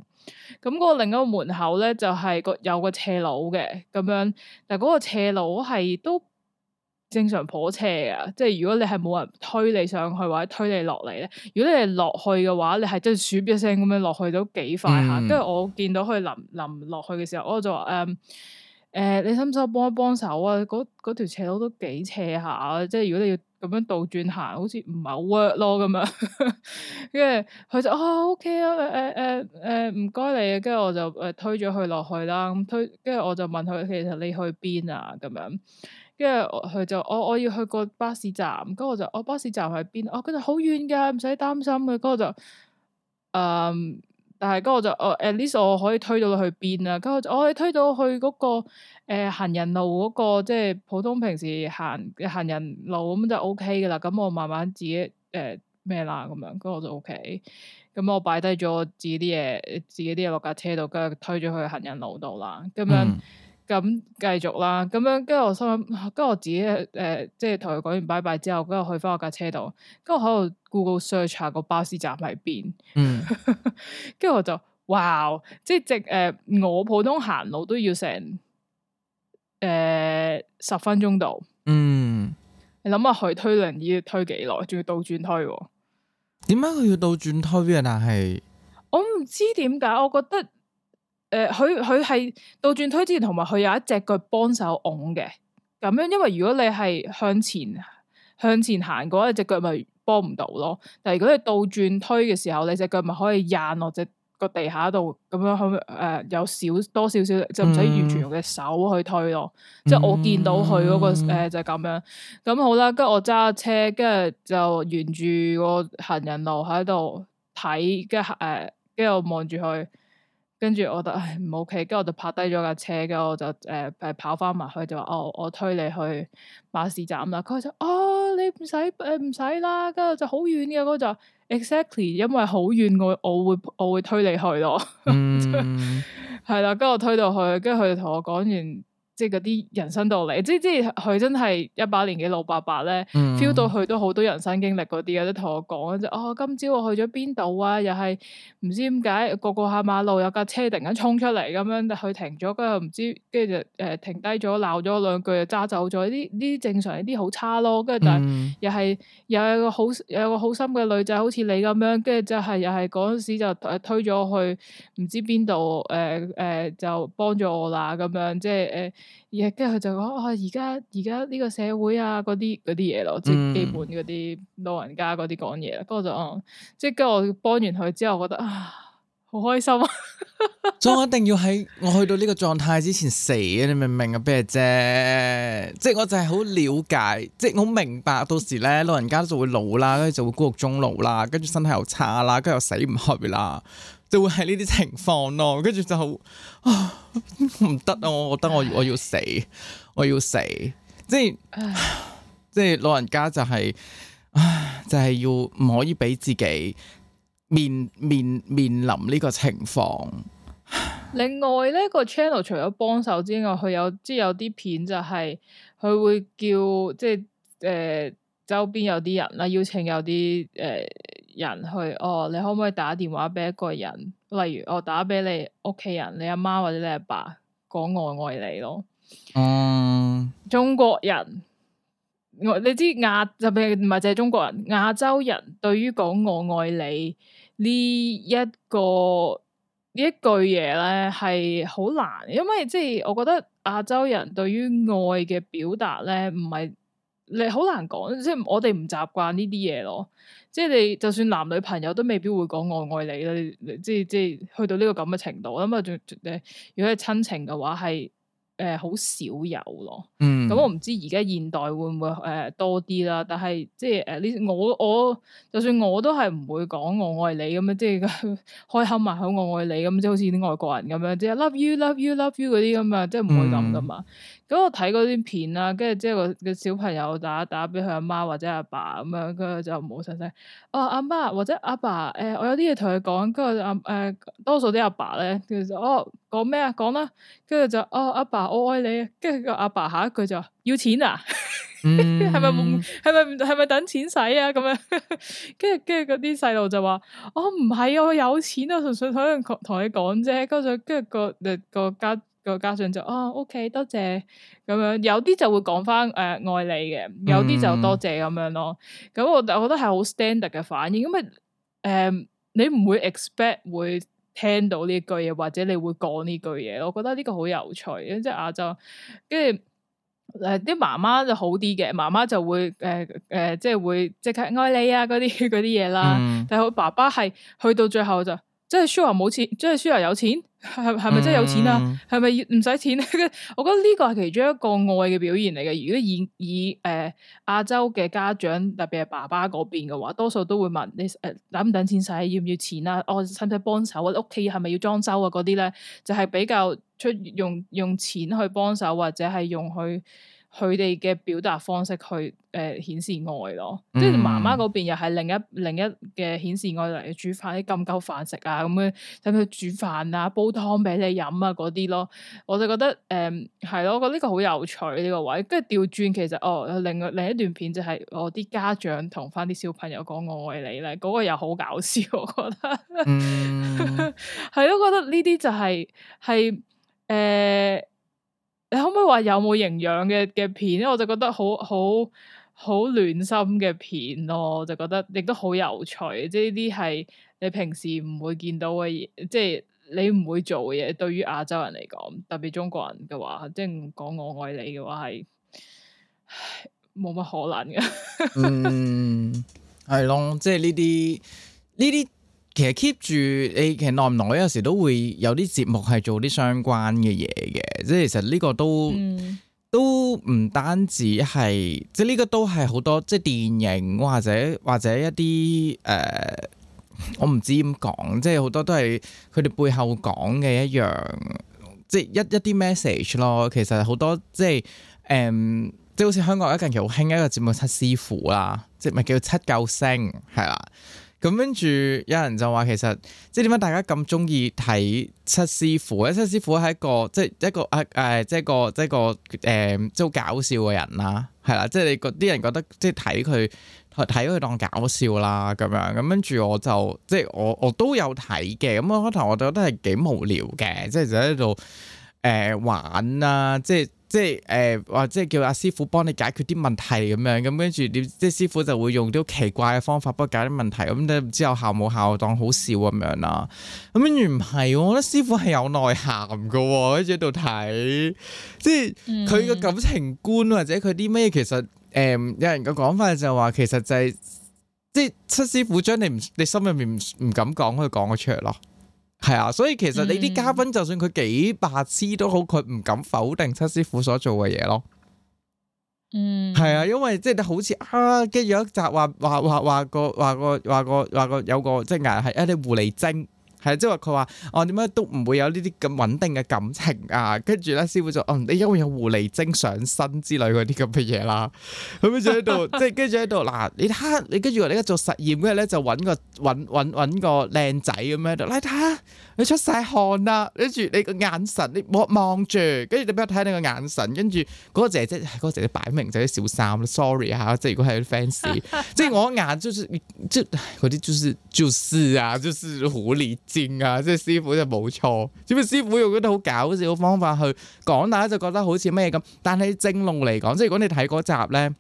Speaker 2: 咁嗰個另一個門口咧就係個有個斜路嘅咁樣，但嗰個斜路係都正常頗斜嘅，即係如果你係冇人推你上去或者推你落嚟咧，如果你係落去嘅話，你係真係鼠一聲咁樣落去都幾快嚇。跟住、嗯、我見到佢淋淋落去嘅時候，我就話誒誒，你使唔使幫一幫手啊？嗰條斜路都幾斜下，即係如果你要。咁樣倒轉行，好似唔係好 work 咯咁樣。跟住佢就啊、哦、OK 啊、呃，誒誒誒唔該你啊。跟住我就誒推咗佢落去啦，咁推。跟住我就問佢，其實你去邊啊？咁樣。跟住佢就我、哦、我要去個巴士站，跟住我就我、哦、巴士站喺邊？我、哦、佢就好遠噶，唔使擔心嘅。咁我就誒。嗯但係嗰，我就哦，at least 我可以推到去邊啊？咁我就我可以推到去嗰個誒行人路嗰個，即係普通平時行行人路咁就 O K 噶啦。咁我慢慢自己誒咩啦咁樣，咁我就 O K。咁我擺低咗自己啲嘢，自己啲嘢落架車度，跟住推咗去行人路度啦。咁樣。嗯咁繼續啦，咁樣跟住我心諗，跟、啊、住我自己誒、呃，即係同佢講完拜拜之後，跟住去翻我架車度，跟住喺度 Google search 下個巴士站喺邊。嗯，跟住 我就哇，即係直誒、呃，我普通行路都要成誒十分鐘度。嗯，
Speaker 1: 你
Speaker 2: 諗下佢推輪椅要推幾耐，仲要倒轉推、哦？
Speaker 1: 點解佢要倒轉推嘅？係
Speaker 2: 我唔知點解，我覺得。誒，佢佢係倒轉推之前，同埋佢有一隻腳幫手拱嘅，咁樣，因為如果你係向前向前行嘅話，隻腳咪幫唔到咯。但係如果你倒轉推嘅時候，你隻腳咪可以硬落隻個地下度，咁樣，誒、呃，有少多少少，就唔使完全用隻手去推咯。嗯、即係我見到佢嗰、那個，誒、嗯呃，就係、是、咁樣。咁好啦，跟住我揸車，跟住就沿住個行人路喺度睇，跟住誒，跟住我望住佢。呃跟住我得唉唔 OK，跟住我就泊低咗架車，跟住我就誒誒、呃、跑翻埋去，就話哦我推你去馬市站啦。佢、哦呃、就哦你唔使誒唔使啦，跟住就好遠嘅嗰就 exactly，因為好遠我我會我會推你去咯。嗯，係啦， 跟住我推到去，跟住佢就同我講完。即係嗰啲人生道理，即係即係佢真係一把年紀老伯伯咧，feel 到佢都好多人生經歷嗰啲，有都同我講就係、哦，今朝我去咗邊度啊？又係唔知點解個個下馬路有架車突然間衝出嚟咁樣，佢、呃、停咗，跟住唔知跟住就誒停低咗，鬧咗兩句，就揸走咗。呢啲呢啲正常，呢啲好差咯。跟住但係又係又有個好又有個好心嘅女仔，好似你咁樣，跟住就係又係嗰陣時就推咗去唔知邊度誒誒就幫咗我啦咁樣，即係誒。呃而跟住佢就講，啊而家而家呢個社會啊，嗰啲嗰啲嘢咯，嗯、即基本嗰啲老人家嗰啲講嘢啦。嗰個就，哦、嗯，即係跟住我幫完佢之後，我覺得啊，好開心啊！
Speaker 1: 所以我一定要喺我去到呢個狀態之前死啊！你明唔明啊？咩啫？即係我就係好了解，即係我好明白，到時咧老人家就會老啦，跟住就會孤獨終老啦，跟住身體又差啦，跟住又死唔去啦。就會係呢啲情況咯、啊，跟住就唔得啊！我覺得我要 我要死，我要死，即係即係老人家就係、是，就係、是、要唔可以俾自己面面面臨呢個情況。
Speaker 2: 另外咧，呢個 channel 除咗幫手之外，佢有即係有啲片就係、是、佢會叫即係誒、呃、周邊有啲人啦，邀請有啲誒。呃人去哦，你可唔可以打電話俾一個人？例如，我、哦、打俾你屋企人，你阿媽或者你阿爸，講我愛你咯。嗯，中國人，我你知亞就並唔係淨係中國人，亞洲人對於講我愛你呢一個呢一句嘢咧，係好難，因為即係我覺得亞洲人對於愛嘅表達咧，唔係你好難講，即係我哋唔習慣呢啲嘢咯。即係你，就算男女朋友都未必會講我愛你啦，即即去到呢個咁嘅程度，咁啊，如果係親情嘅話，係誒好少有咯。
Speaker 3: 咁、嗯、我唔
Speaker 2: 知而家現，現代會唔會誒、呃、多啲啦？但係即係誒，我我就算我都係唔會講我愛你咁樣，即係開口埋口我愛你咁，即係好似啲外國人咁樣，即係 Love you Love you Love you 嗰啲咁啊，即係唔會咁噶嘛。嗯咁我睇嗰啲片啦，跟住即係個個小朋友打打俾佢阿媽或者阿爸咁樣，跟住就冇晒聲。我阿媽或者阿爸，爸，誒、欸，我有啲嘢同佢講，跟住阿誒，多數啲阿爸咧，其實哦，講咩啊？講啦，跟住就是、哦，阿爸，爸，我愛你。跟住個阿爸下一句就要錢啊？係咪係咪係咪等錢使啊？咁樣，跟住跟住嗰啲細路就話，我唔係啊，我有錢啊，純粹同同你講啫。跟住跟住個、那個家。家信就啊、哦、，OK，多謝咁樣，有啲就會講返誒，愛你嘅，有啲就多謝咁樣咯。咁、嗯、我、嗯、我覺得係好 standard 嘅反應，咁誒、呃，你唔會 expect 會聽到呢句嘢，或者你會講呢句嘢，我覺得呢個好有趣。即係亞洲，跟住誒啲媽媽就好啲嘅，媽媽就會誒誒、呃呃，即係會即刻愛你啊嗰啲啲嘢啦。嗯、但係我爸爸係去到最後就。即係舒華冇錢，即係舒華有錢，係係咪真係有錢啊？係咪唔使錢咧？ 我覺得呢個係其中一個愛嘅表現嚟嘅。如果以以誒亞洲嘅家長特別係爸爸嗰邊嘅話，多數都會問你誒，有唔有錢使？要唔要錢啊？我使唔使幫手？我屋企係咪要裝修啊？嗰啲咧就係比較出用用錢去幫手，或者係用去。佢哋嘅表達方式去誒顯、呃、示愛咯，即係媽媽嗰邊又係另一另一嘅顯示愛嚟煮飯啲金鈎飯食啊，咁樣使唔使煮飯啊，煲湯俾你飲啊嗰啲咯，我就覺得誒係、嗯、咯，我覺得呢個好有趣呢、這個位，跟住調轉其實哦，另另一段片就係我啲家長同翻啲小朋友講我愛你咧，嗰、那個又好搞笑，我覺得係、 嗯、 咯，覺得呢啲就係係誒。你可唔可以話有冇營養嘅嘅片咧？我就覺得好好好暖心嘅片咯，我就覺得亦都好有趣。即係呢啲係你平時唔會見到嘅嘢，即係你唔會做嘅嘢。對於亞洲人嚟講，特別中國人嘅話，即係講我愛你嘅話，係冇乜可能
Speaker 1: 嘅。 嗯，係咯，即係呢啲呢啲。其實 keep 住，你、欸、其實耐唔耐有時都會有啲節目係做啲相關嘅嘢嘅，即係其實呢個都、嗯、都唔單止係，即係呢個都係好多，即係電影或者或者一啲誒、呃，我唔知點講，即係好多都係佢哋背後講嘅一樣，即係一一啲 message 咯。其實好多即係誒，即係、嗯、好似香港一近期好興一個節目《七師傅》啦，即係咪叫《七救星》係啦。咁跟住有人就話其實即係點解大家咁中意睇七師傅咧？七師傅係一個即係一個誒誒、呃，即係個即係個誒，即係好、呃呃呃呃、搞笑嘅人啦、啊，係啦，即係你啲人覺得即係睇佢睇佢當搞笑啦咁樣。咁跟住我就即係我我都有睇嘅。咁開頭我覺得係幾無聊嘅，即係就喺度誒玩啦、啊，即係。即係誒，或者係叫阿師傅幫你解決啲問題咁樣，咁跟住點即係師傅就會用啲奇怪嘅方法幫解啲問題，咁你唔知有效冇效，當好笑咁樣啦。咁跟住唔係，我覺得師傅係有內涵噶、喎，跟住喺度睇，即係佢嘅感情觀或者佢啲咩，其實誒、呃、有人嘅講法就話、係，其實就係、係、即係七師傅將你唔你心入面唔唔敢講佢講咗出嚟咯。係啊，所以其實你啲嘉賓就算佢幾白痴都好，佢唔敢否定七師傅所做嘅嘢咯。嗯，係啊，因為即係你好似啊，跟住有一集話話話話個話個話個話個有個即係崖係一啲狐狸精。係即係話佢話哦點解都唔會有呢啲咁穩定嘅感情啊，跟住咧師傅就哦你因家有狐狸精上身之類嗰啲咁嘅嘢啦，咁就喺度即係跟住喺度嗱你睇下，你跟住我而家做實驗，跟住咧就揾個揾揾揾個靚仔咁樣喺度，嚟睇你出晒汗啦，跟住你個眼神你望住，跟住點樣睇你個眼神，跟住嗰個姐姐嗰個姐姐擺明就啲小三 s o r r y 嚇，即係如果係 f a n c 即係我硬係就是嗰啲就是就是啊，就是狐狸。賤噶、啊，即係師傅就冇錯。只不過師傅用嗰啲好搞笑嘅方法去講，大家就覺得好似咩咁。但係正論嚟講，即係如果你睇嗰集咧，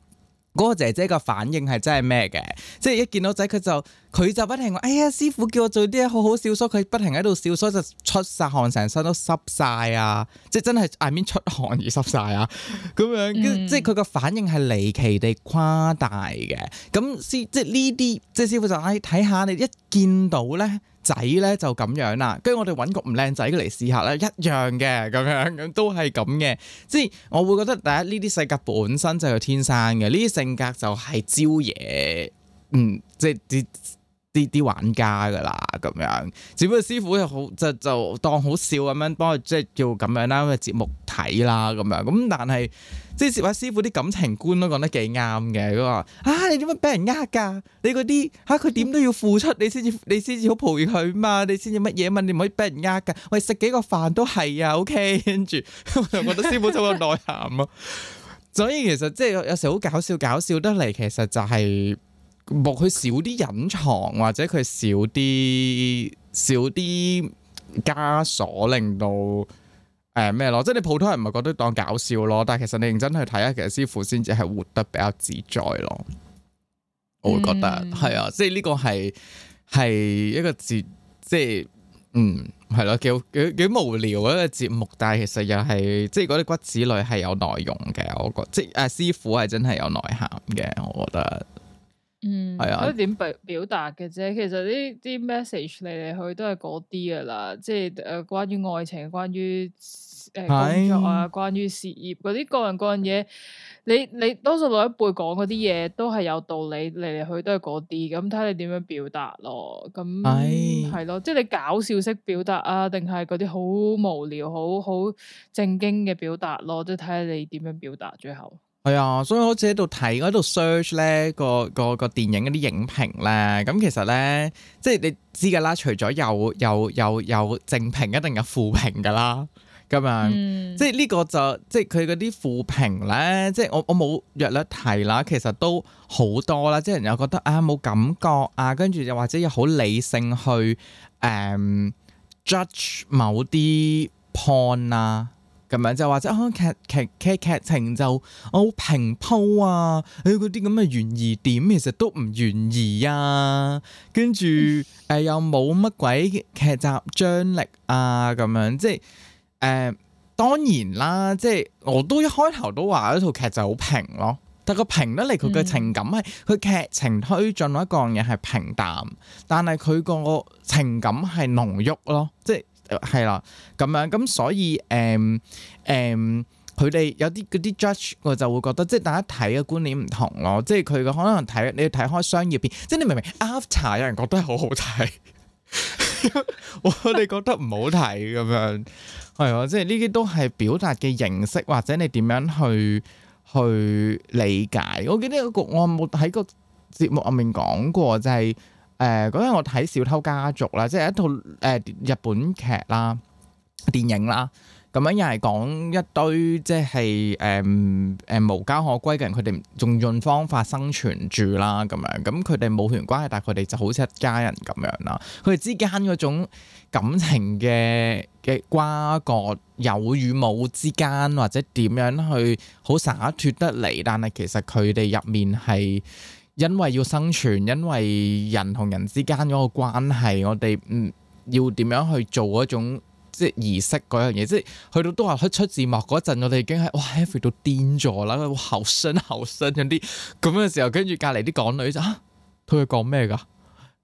Speaker 1: 嗰、那個姐姐嘅反應係真係咩嘅？即係一見到仔，佢就佢就不停話：哎呀，師傅叫我做啲好好笑，所以佢不停喺度笑，所以就出晒汗，成身都濕晒啊！即係真係外面 I mean, 出汗而濕晒啊！咁樣、嗯、即係佢個反應係離奇地誇大嘅。咁師即係呢啲即係師傅就：哎，睇下你一見到咧。仔咧就咁樣啦，跟住我哋揾個唔靚仔嚟試下咧，一樣嘅咁樣，咁都係咁嘅。即係我會覺得第一呢啲世界本身就係天生嘅，呢啲性格就係招嘢，嗯，即係啲啲啲玩家噶啦咁樣。只不過師傅又好就就當好笑咁樣幫佢，即係叫咁樣節啦，為節目睇啦咁樣。咁但係。即係話師傅啲感情觀都講得幾啱嘅，佢話：啊，你點解俾人呃㗎？你嗰啲嚇佢點都要付出，你先至你先至好陪佢嘛，你先至乜嘢嘛？你唔可以俾人呃㗎。喂，食幾個飯都係啊，OK 然後。跟 住我又覺得師傅有個內涵囉。 所以其實即係有時好搞笑，搞笑得嚟其實就係望佢少啲隱藏，或者佢少啲少啲枷鎖，令到。誒咩咯？即係你普通人咪係覺得當搞笑咯，但係其實你認真去睇下，其實師傅先至係活得比較自在咯。我會覺得係、嗯、啊，即係呢個係係一個節，即係嗯係咯，幾幾幾無聊嘅一個節目，但係其實又係即係嗰啲骨子裏係有內容嘅。我覺即係誒師傅係真係有內涵嘅，我覺得。嗯，係啊，可以點
Speaker 2: 表表達嘅啫。其實呢啲 message 嚟嚟去都係嗰啲噶啦，即係誒、呃、關於愛情、關於誒、呃、工作啊、關於事業嗰啲各人各樣嘢。你你多數老一輩講嗰啲嘢都係有道理，嚟嚟去都係嗰啲。咁睇下你點樣表達咯？咁係咯，即係你搞笑式表達啊，定係嗰啲好無聊、好好正經嘅表達咯？即係睇下你點樣表達最後。
Speaker 1: 係啊，所以好似喺度睇，喺度 search 咧，個個個電影嗰啲影評咧，咁其實咧，即係你知噶啦，除咗有有有有正評，一定有負評噶啦，咁樣，即係呢個就即係佢嗰啲負評咧，即係我我冇弱略提啦，其實都好多啦，即係人又覺得啊冇感覺啊，跟住又或者又好理性去誒 judge、呃、某啲 point 啊。咁樣就話啫，啊劇劇劇劇，劇情就好、哦、平鋪啊！佢嗰啲咁嘅懸疑點其實都唔懸疑啊，跟住誒又冇乜鬼劇集張力啊，咁樣即係誒、呃、當然啦，即係我都一開頭都話一套劇就好平咯，但個平得嚟佢嘅情感係佢、嗯、劇情推進嗰一個嘢係平淡，但係佢個情感係濃郁咯，即係。係啦，咁樣咁所以誒誒，佢哋有啲啲 judge，我就會覺得即係、就是、大家睇嘅觀念唔同咯，即係佢嘅可能睇你要睇開商業片，即、就、係、是、你明唔明？After 有人覺得係好好睇，我你 覺得唔好睇咁樣係啊，即係呢啲都係表達嘅形式，或者你點樣去去理解？我記得、那個我冇喺個節目入面講過，就係、是。誒嗰陣我睇《小偷家族》啦，即係一套誒、呃、日本劇啦、電影啦，咁樣又係講一堆即係誒誒無家可歸嘅人，佢哋仲用方法生存住啦，咁樣咁佢哋冇血緣關係，但係佢哋就好似一家人咁樣啦。佢哋之間嗰種感情嘅嘅瓜葛，有與冇之間，或者點樣去好灑脱得嚟？但係其實佢哋入面係。因為要生存，因為人同人之間嗰個關係，我哋嗯要點樣去做一種即係儀式嗰樣嘢，即係去到都話出字幕嗰陣，我哋已經係哇 heavy 到癲咗啦，後生後生嗰啲咁嘅時候，跟住隔籬啲港女就啊，佢會講咩噶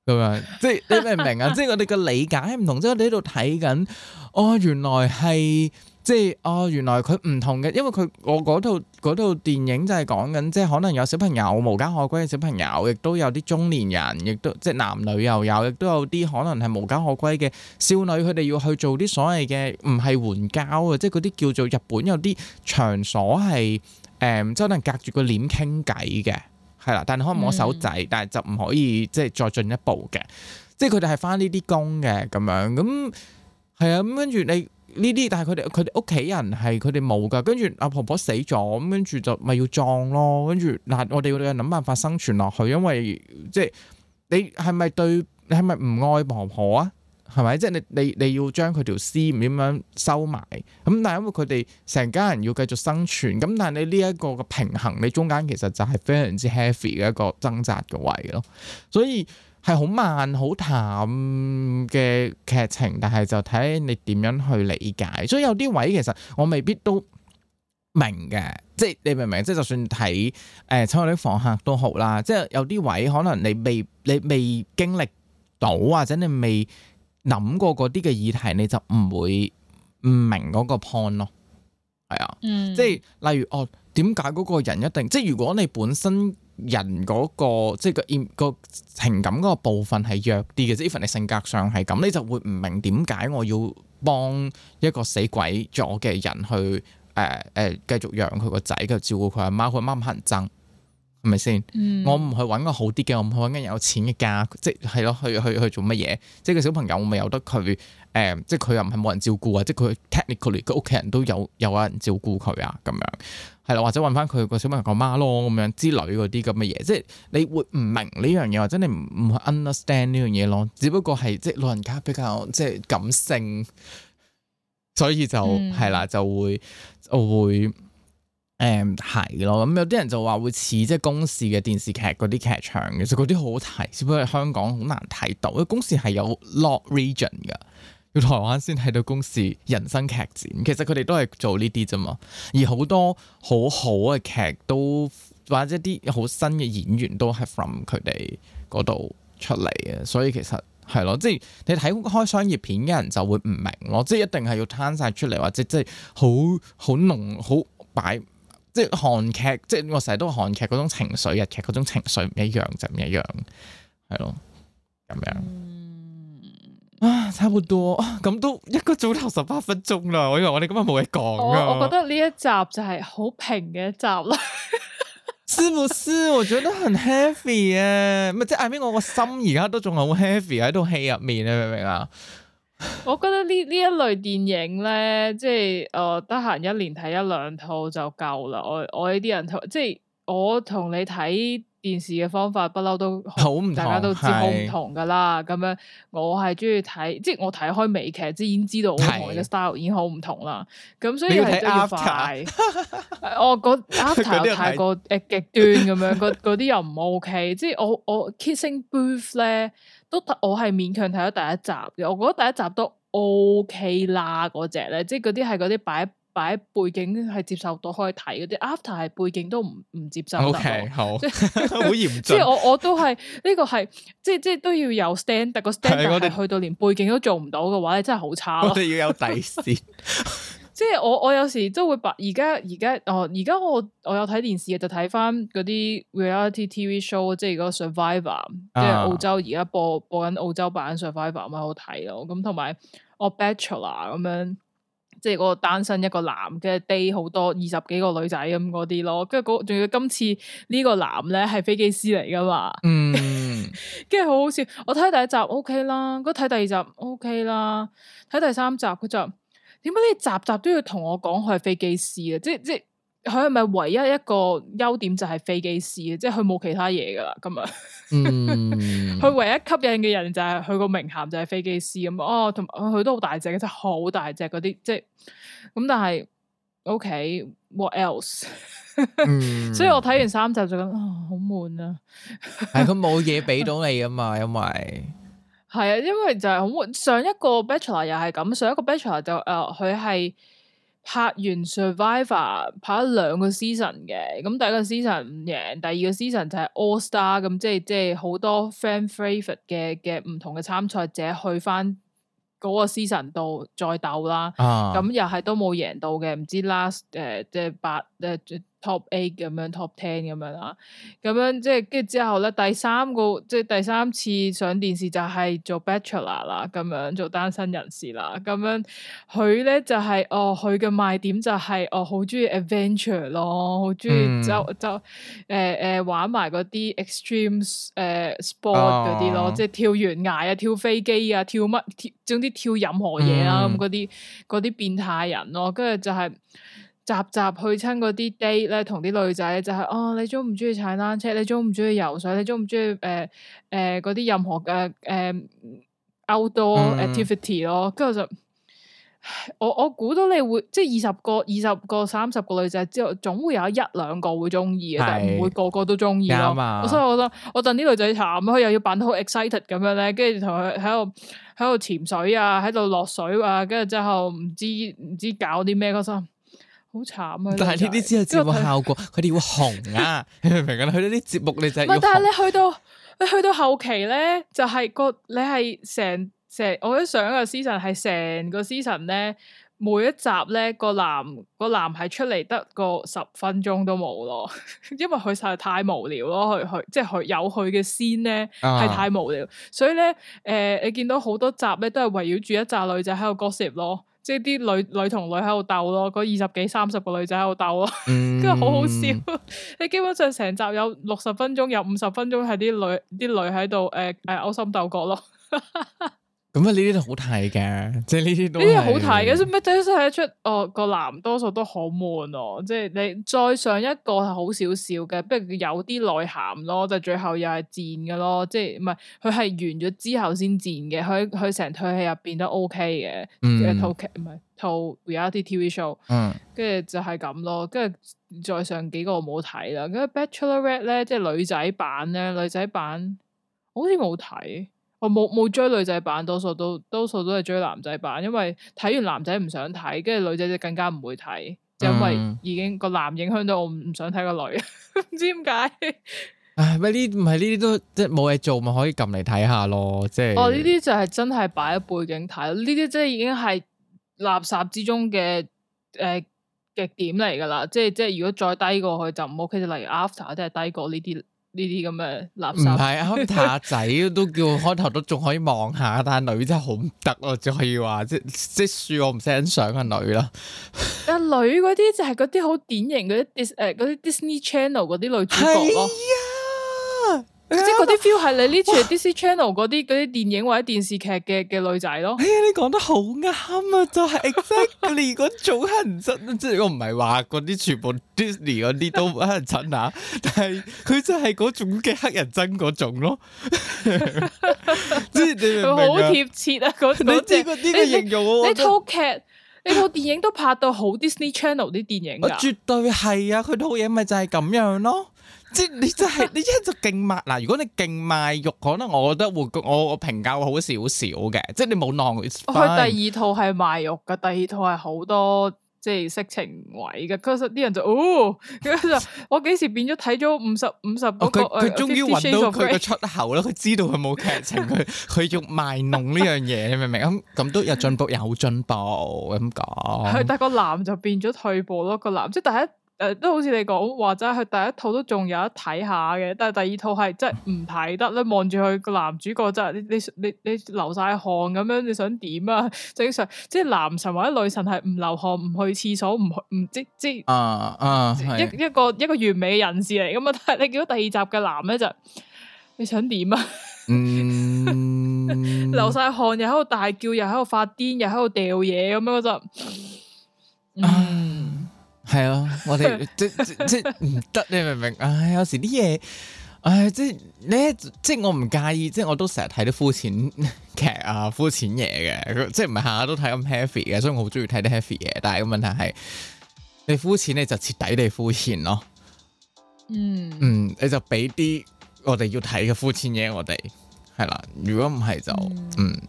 Speaker 1: 咁啊？即係你明唔明啊？ 即係我哋嘅理解唔同，即係我哋喺度睇緊哦，原來係。即係啊、哦，原來佢唔同嘅，因為佢我嗰套套電影就係講緊，即係可能有小朋友無家可歸嘅小朋友亦都有啲中年人，亦都即係男女又有，亦都有啲可能係無家可歸嘅少女，佢哋要去做啲所謂嘅唔係援交啊，即係嗰啲叫做日本有啲場所係誒，即、呃、可能隔住個簾傾偈嘅，係啦，但係可能摸手仔，嗯、但係就唔可以即係再進一步嘅，即係佢哋係返呢啲工嘅咁樣，咁係啊，咁跟住你。呢啲，但係佢哋佢哋屋企人係佢哋冇噶，跟住阿婆婆死咗，咁跟住就咪要葬咯，跟住嗱，我哋要諗辦法生存落去，因為即係你係咪對你係咪唔愛婆婆啊？係咪？即係你你你要將佢條屍點樣收埋？咁但係因為佢哋成家人要繼續生存，咁但係你呢一個嘅平衡，你中間其實就係非常之 heavy 嘅一個掙扎嘅位咯，所以。係好慢好淡嘅劇情，但係就睇你點樣去理解，所以有啲位其實我未必都明嘅，即係你明唔明、呃？即係就算睇誒親愛的房客都好啦，即係有啲位可能你未你未，你未經歷到或者你未諗過嗰啲嘅議題，你就唔會唔明嗰個 point 咯，係啊，嗯、即係例如我點解嗰個人一定即係如果你本身。人嗰個即係個個情感嗰個部分係弱啲嘅，即係 even 你性格上係咁，你就會唔明點解我要幫一個死鬼咗嘅人去誒誒繼續養佢個仔，繼續照顧佢阿媽，佢阿媽唔肯爭。係咪先？我唔去揾個好啲嘅，我唔去揾間有錢嘅家，即係咯、啊、去去去做乜嘢？即係個小朋友咪由得佢誒，即係佢又唔係冇人照顧啊！即係佢 technically 佢屋企人都有有人照顧佢啊，咁樣係啦，或者揾翻佢個小朋友個媽咯，咁樣之類嗰啲咁嘅嘢。即係你會唔明呢樣嘢，或者你唔 understand 呢樣嘢咯？只不過係即係老人家比較即係感性，所以就係啦、嗯啊，就會就會。誒係咯，咁、嗯嗯、有啲人就話會似即係公視嘅電視劇嗰啲劇場，其實嗰啲好好睇，只不過香港好難睇到，因為公視係有 lock region 噶，要台灣先睇到公視人生劇展。其實佢哋都係做呢啲啫嘛，而好多很好多好好嘅劇都或者啲好新嘅演員都係 from 佢哋嗰度出嚟嘅，所以其實係咯，即係你睇開商業片嘅人就會唔明咯，即係一定係要攤晒出嚟，或者即係好好濃好擺。即係韓劇，即係我成日都韓劇嗰種情緒，日劇嗰種情緒唔一樣就唔一樣，係咯咁樣。樣嗯、啊，差唔多，咁都一個鐘頭十八分鐘啦。我以為我哋今日冇嘢講啊。我我覺得
Speaker 2: 呢一集就係好平嘅一集咯。
Speaker 1: 是不是？我覺得很 heavy 啊，咪即係，阿 I 邊 mean, 我個心而家都仲好 heavy 喺度戲入面，你明唔明啊？
Speaker 2: 我覺得呢呢一類電影咧，即係誒，得閒一年睇一兩套就夠啦。我我呢啲人同即係我同你睇電視嘅方法，不嬲都好唔，大家都知好唔同噶啦。咁是樣我係中意睇，即係我睇開美劇，即已經知道我同你嘅 style 已經好唔同啦。咁所以係啱睇，要 我覺得啱睇又太過誒極端咁樣，嗰啲 又唔 OK。即係我我，我 Kissing Booth 咧。都我係勉強睇咗第一集嘅，我覺得第一集都 OK 啦，嗰隻咧，即係嗰啲係嗰啲擺擺背景係接受到可以睇嗰啲，after 係背景都唔唔接受 OK，以好嚴。即係我我都係呢個係，即係即係都要有 standard，但係 個 standard 我哋去到連背景都做唔到嘅話咧，真係好差咯。我哋要有底
Speaker 1: 線。
Speaker 2: 即係我我有時都會白，而家而家哦而家我我有睇電視嘅就睇翻，嗰啲 reality TV show 即係嗰個 survivor、啊、即係澳洲而家播播緊澳洲版 survivor 咪好睇咯，咁同埋我 bachelor 咁樣，即係嗰個單身一個男嘅 date 好多二十幾個女仔咁嗰啲咯。跟住仲要今次呢個男呢係飛機師嚟㗎嘛，嗯，跟住好好笑，我睇第一集 ok 啦，我睇第二集 ok 啦，睇第三集佢就。Okay 點解你集集都要同我講佢係飛機師咧？即即佢係咪唯一一個優點就係飛機師？即即佢冇其他嘢噶啦，今日、嗯。佢 唯一吸引嘅人就係佢個名銜就係飛機師咁。哦，同佢都好大隻，即好大隻嗰啲，即咁。但係，OK，what、okay, else？ 嗯、 所以我睇完三集就咁、哦，好悶啊。
Speaker 1: 係佢冇嘢俾到你啊嘛，因為。
Speaker 2: 係啊，因為就係好上一個 Bachelor 又係咁，上一個 Bachelor 就誒佢係拍完 Survivor 拍咗兩個 season 嘅，咁、嗯、第一個 season 唔贏，第二個 season 就係 All Star 咁、嗯，即係即係好多 fan favorite 嘅嘅唔同嘅參賽者去翻嗰個 season 度再鬥啦，咁又係都冇贏到嘅，唔知 last 誒、呃、即係八誒。Top eight 咁樣，Top ten 咁樣啦，咁樣即係跟住之後咧，第三個即係第三次上電視就係做 Bachelor 啦，咁樣做單身人士啦，咁樣佢咧就係、是、哦，佢嘅賣點就係、是、哦，好中意 adventure 咯、mm，好中意就就誒誒、呃呃、玩埋嗰啲 extreme 誒、呃、sport 嗰啲咯，即係跳懸崖啊，跳飛機啊，跳乜，總之跳，跳任何嘢啦，咁嗰啲嗰啲變態人咯，跟住就係、是。集集去親嗰啲 date 咧，同啲女仔就係、是、哦，你中唔中意踩單車？你中唔中意游水？你中唔中意誒誒嗰啲任何嘅誒、呃、outdoor activity 咯、嗯？跟住就我我估到你會即係二十個二十個三十個女仔之後，總會有一兩個會中意嘅，是但係唔會個個都中意咯。所以吧我,我覺得我戥啲女仔慘啊！佢又要扮得好 excited 咁樣咧，跟住同佢喺度喺度潛水啊，喺度落水啊，跟住之後唔知唔知搞啲咩心。好慘啊！但係呢啲只係節目效
Speaker 1: 果，佢哋為要紅啊， 你明唔明啊？去到啲節目， 你就要。唔係，但係
Speaker 2: 你去到 你去到後期咧，就係、是、個你係成成，我覺得上一個 season 係成個 season 咧，每一集咧個男個男係出嚟得個十分鐘都冇咯，因為佢實在太無聊咯，佢佢即係佢有佢嘅先咧係太無聊，所以咧誒、呃，你見到好多集咧都係圍繞住一集女仔喺度 gossip 咯。即係啲女女同女喺度鬥咯，嗰二十幾三十個女仔喺度鬥咯，跟住好好笑。你基本上成集有六十分鐘，有五十分鐘係啲女啲女喺度，誒誒勾心鬥角咯。呵呵
Speaker 1: 咁、就是就是哦、啊，呢啲都好睇嘅，即係呢啲都呢啲好睇嘅，
Speaker 2: 咩真都睇得出哦。個男多數都好悶哦，即係你再上一個係好少少嘅，不過有啲內涵咯。就最後又係賤嘅咯，即係唔係佢係完咗之後先賤嘅。佢佢成套戲入邊都 OK 嘅、嗯，一套劇唔係套 reality TV show、嗯。跟住就係咁咯，跟住再上幾個我冇睇啦。跟住 Bachelorette 咧，即係女仔版咧，女仔版好似冇睇。我冇冇追女仔版，多數都多數都係追男仔版，因為睇完男仔唔想睇，跟住女仔就更加唔會睇，就因為已經個男影響到我唔想睇個女，唔知點解。唉、嗯，
Speaker 1: 咩、哎、呢？唔係呢啲都即係冇嘢做，咪可以撳嚟睇下咯，即係。哦，呢
Speaker 2: 啲就係真係擺喺背景睇，呢啲即係已經係垃圾之中嘅誒極點嚟噶啦，即係即係如果再低過去就唔好，其實例如 After 即係低過呢啲。呢啲咁嘅垃圾，啊，唔
Speaker 1: 係，阿塔仔都叫開頭都仲可以望下，但係女真係好唔得咯，只可以話即即恕我唔識欣賞阿女咯。
Speaker 2: 阿 女嗰啲就係嗰啲好典型嗰啲 dis 誒、呃、嗰啲 Disney Channel 嗰啲女主角咯。 即係嗰啲 feel 係你呢次 Disney Channel 嗰啲嗰啲電影或者電視劇嘅嘅女仔咯。
Speaker 1: 欸、你講得好啱啊！就係、是、exactly 嗰 種黑人憎。即係我唔係話嗰啲全部 Disney 嗰啲都黑人憎啊，但係佢真係嗰種嘅黑人憎嗰種咯。即係你明唔明啊？好貼
Speaker 2: 切啊！嗰個，你知個呢個形容，你套劇、也你套 電影都拍到好 Disney Channel
Speaker 1: 啲電影，啊。絕對係啊！佢套嘢咪就係、是、咁樣咯。 即係你真係你一做勁賣嗱，如果你勁賣肉，可能我覺得會我我評價會好少少嘅。即係你冇 long 佢第二
Speaker 2: 套係賣肉嘅，第二套係好多即係色情位嘅。嗰時啲人就哦，嗰時我幾時變咗睇咗五十五十嗰個，佢佢終於揾到佢嘅出
Speaker 1: 口啦！佢 知道佢冇劇情，佢佢要賣弄呢樣嘢，你明唔明？咁咁都有進步，有進步咁講。係， 但
Speaker 2: 係個男就變咗退步咯。個男即係第一。誒，都好似你講，話齋佢第一套都仲有得睇下嘅，但係第二套係真係唔睇得啦。望住佢個男主角就，你你你你流晒汗咁樣，你想點啊？正常，即係男神或者女神係唔流汗、唔去廁所、唔去唔即即啊啊，
Speaker 1: 啊一一
Speaker 2: 個一個完美人士嚟，咁嘛。但係你見到第二集嘅男咧就，你想點啊？ 嗯、 流晒汗又喺度大叫，又喺度發癲，又喺度掉嘢咁樣嗰陣，嗯嘖
Speaker 1: 係咯，我哋即即唔得，你明唔明？唉，有時啲嘢，唉，即咧，即我唔介意，即我都成日睇啲膚淺劇啊，膚淺嘢嘅，即唔係下下都睇咁 happy 嘅，所以我好中意睇啲 happy 嘢。但係個問題係，你膚淺你就徹底地膚淺咯。嗯嗯，你就俾啲我哋要睇嘅膚淺嘢，我哋係啦。如果唔係就嗯，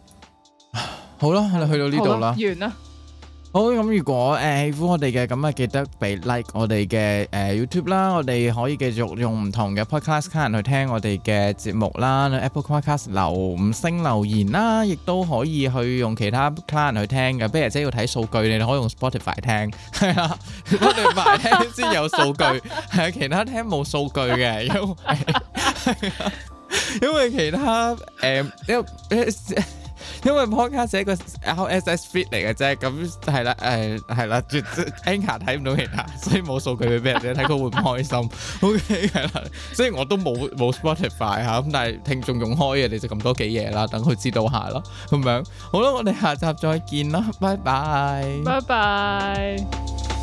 Speaker 1: 好啦，你去到呢度啦，完啦。好咁，如果誒喜歡我哋嘅，咁啊，記得俾 like 我哋嘅誒 YouTube 啦，我哋可以繼續用唔同嘅 podcast client 去聽我哋嘅節目啦，Apple Podcast 留五星留言啦，亦都可以去用其他 client 去聽嘅。不如即係要睇數據，你哋可以用 Spotify 聽，係啊，我哋買聽先有數據，係啊，其他聽冇數據嘅，因為因為其他誒，有誒。因為 Podcast 係一個 LSS feed 嚟嘅啫，咁係啦，誒係啦，Anchor 睇唔到其他，所以冇數據俾人哋睇，佢會唔開心？OK 係啦，啊，所以我都冇冇 Spotify 嚇，咁，啊、但係聽眾用開嘅，你就咁多幾嘢啦，等佢知道下咯，咁，啊、樣好啦，我哋下集再見啦，拜拜，拜
Speaker 2: 拜。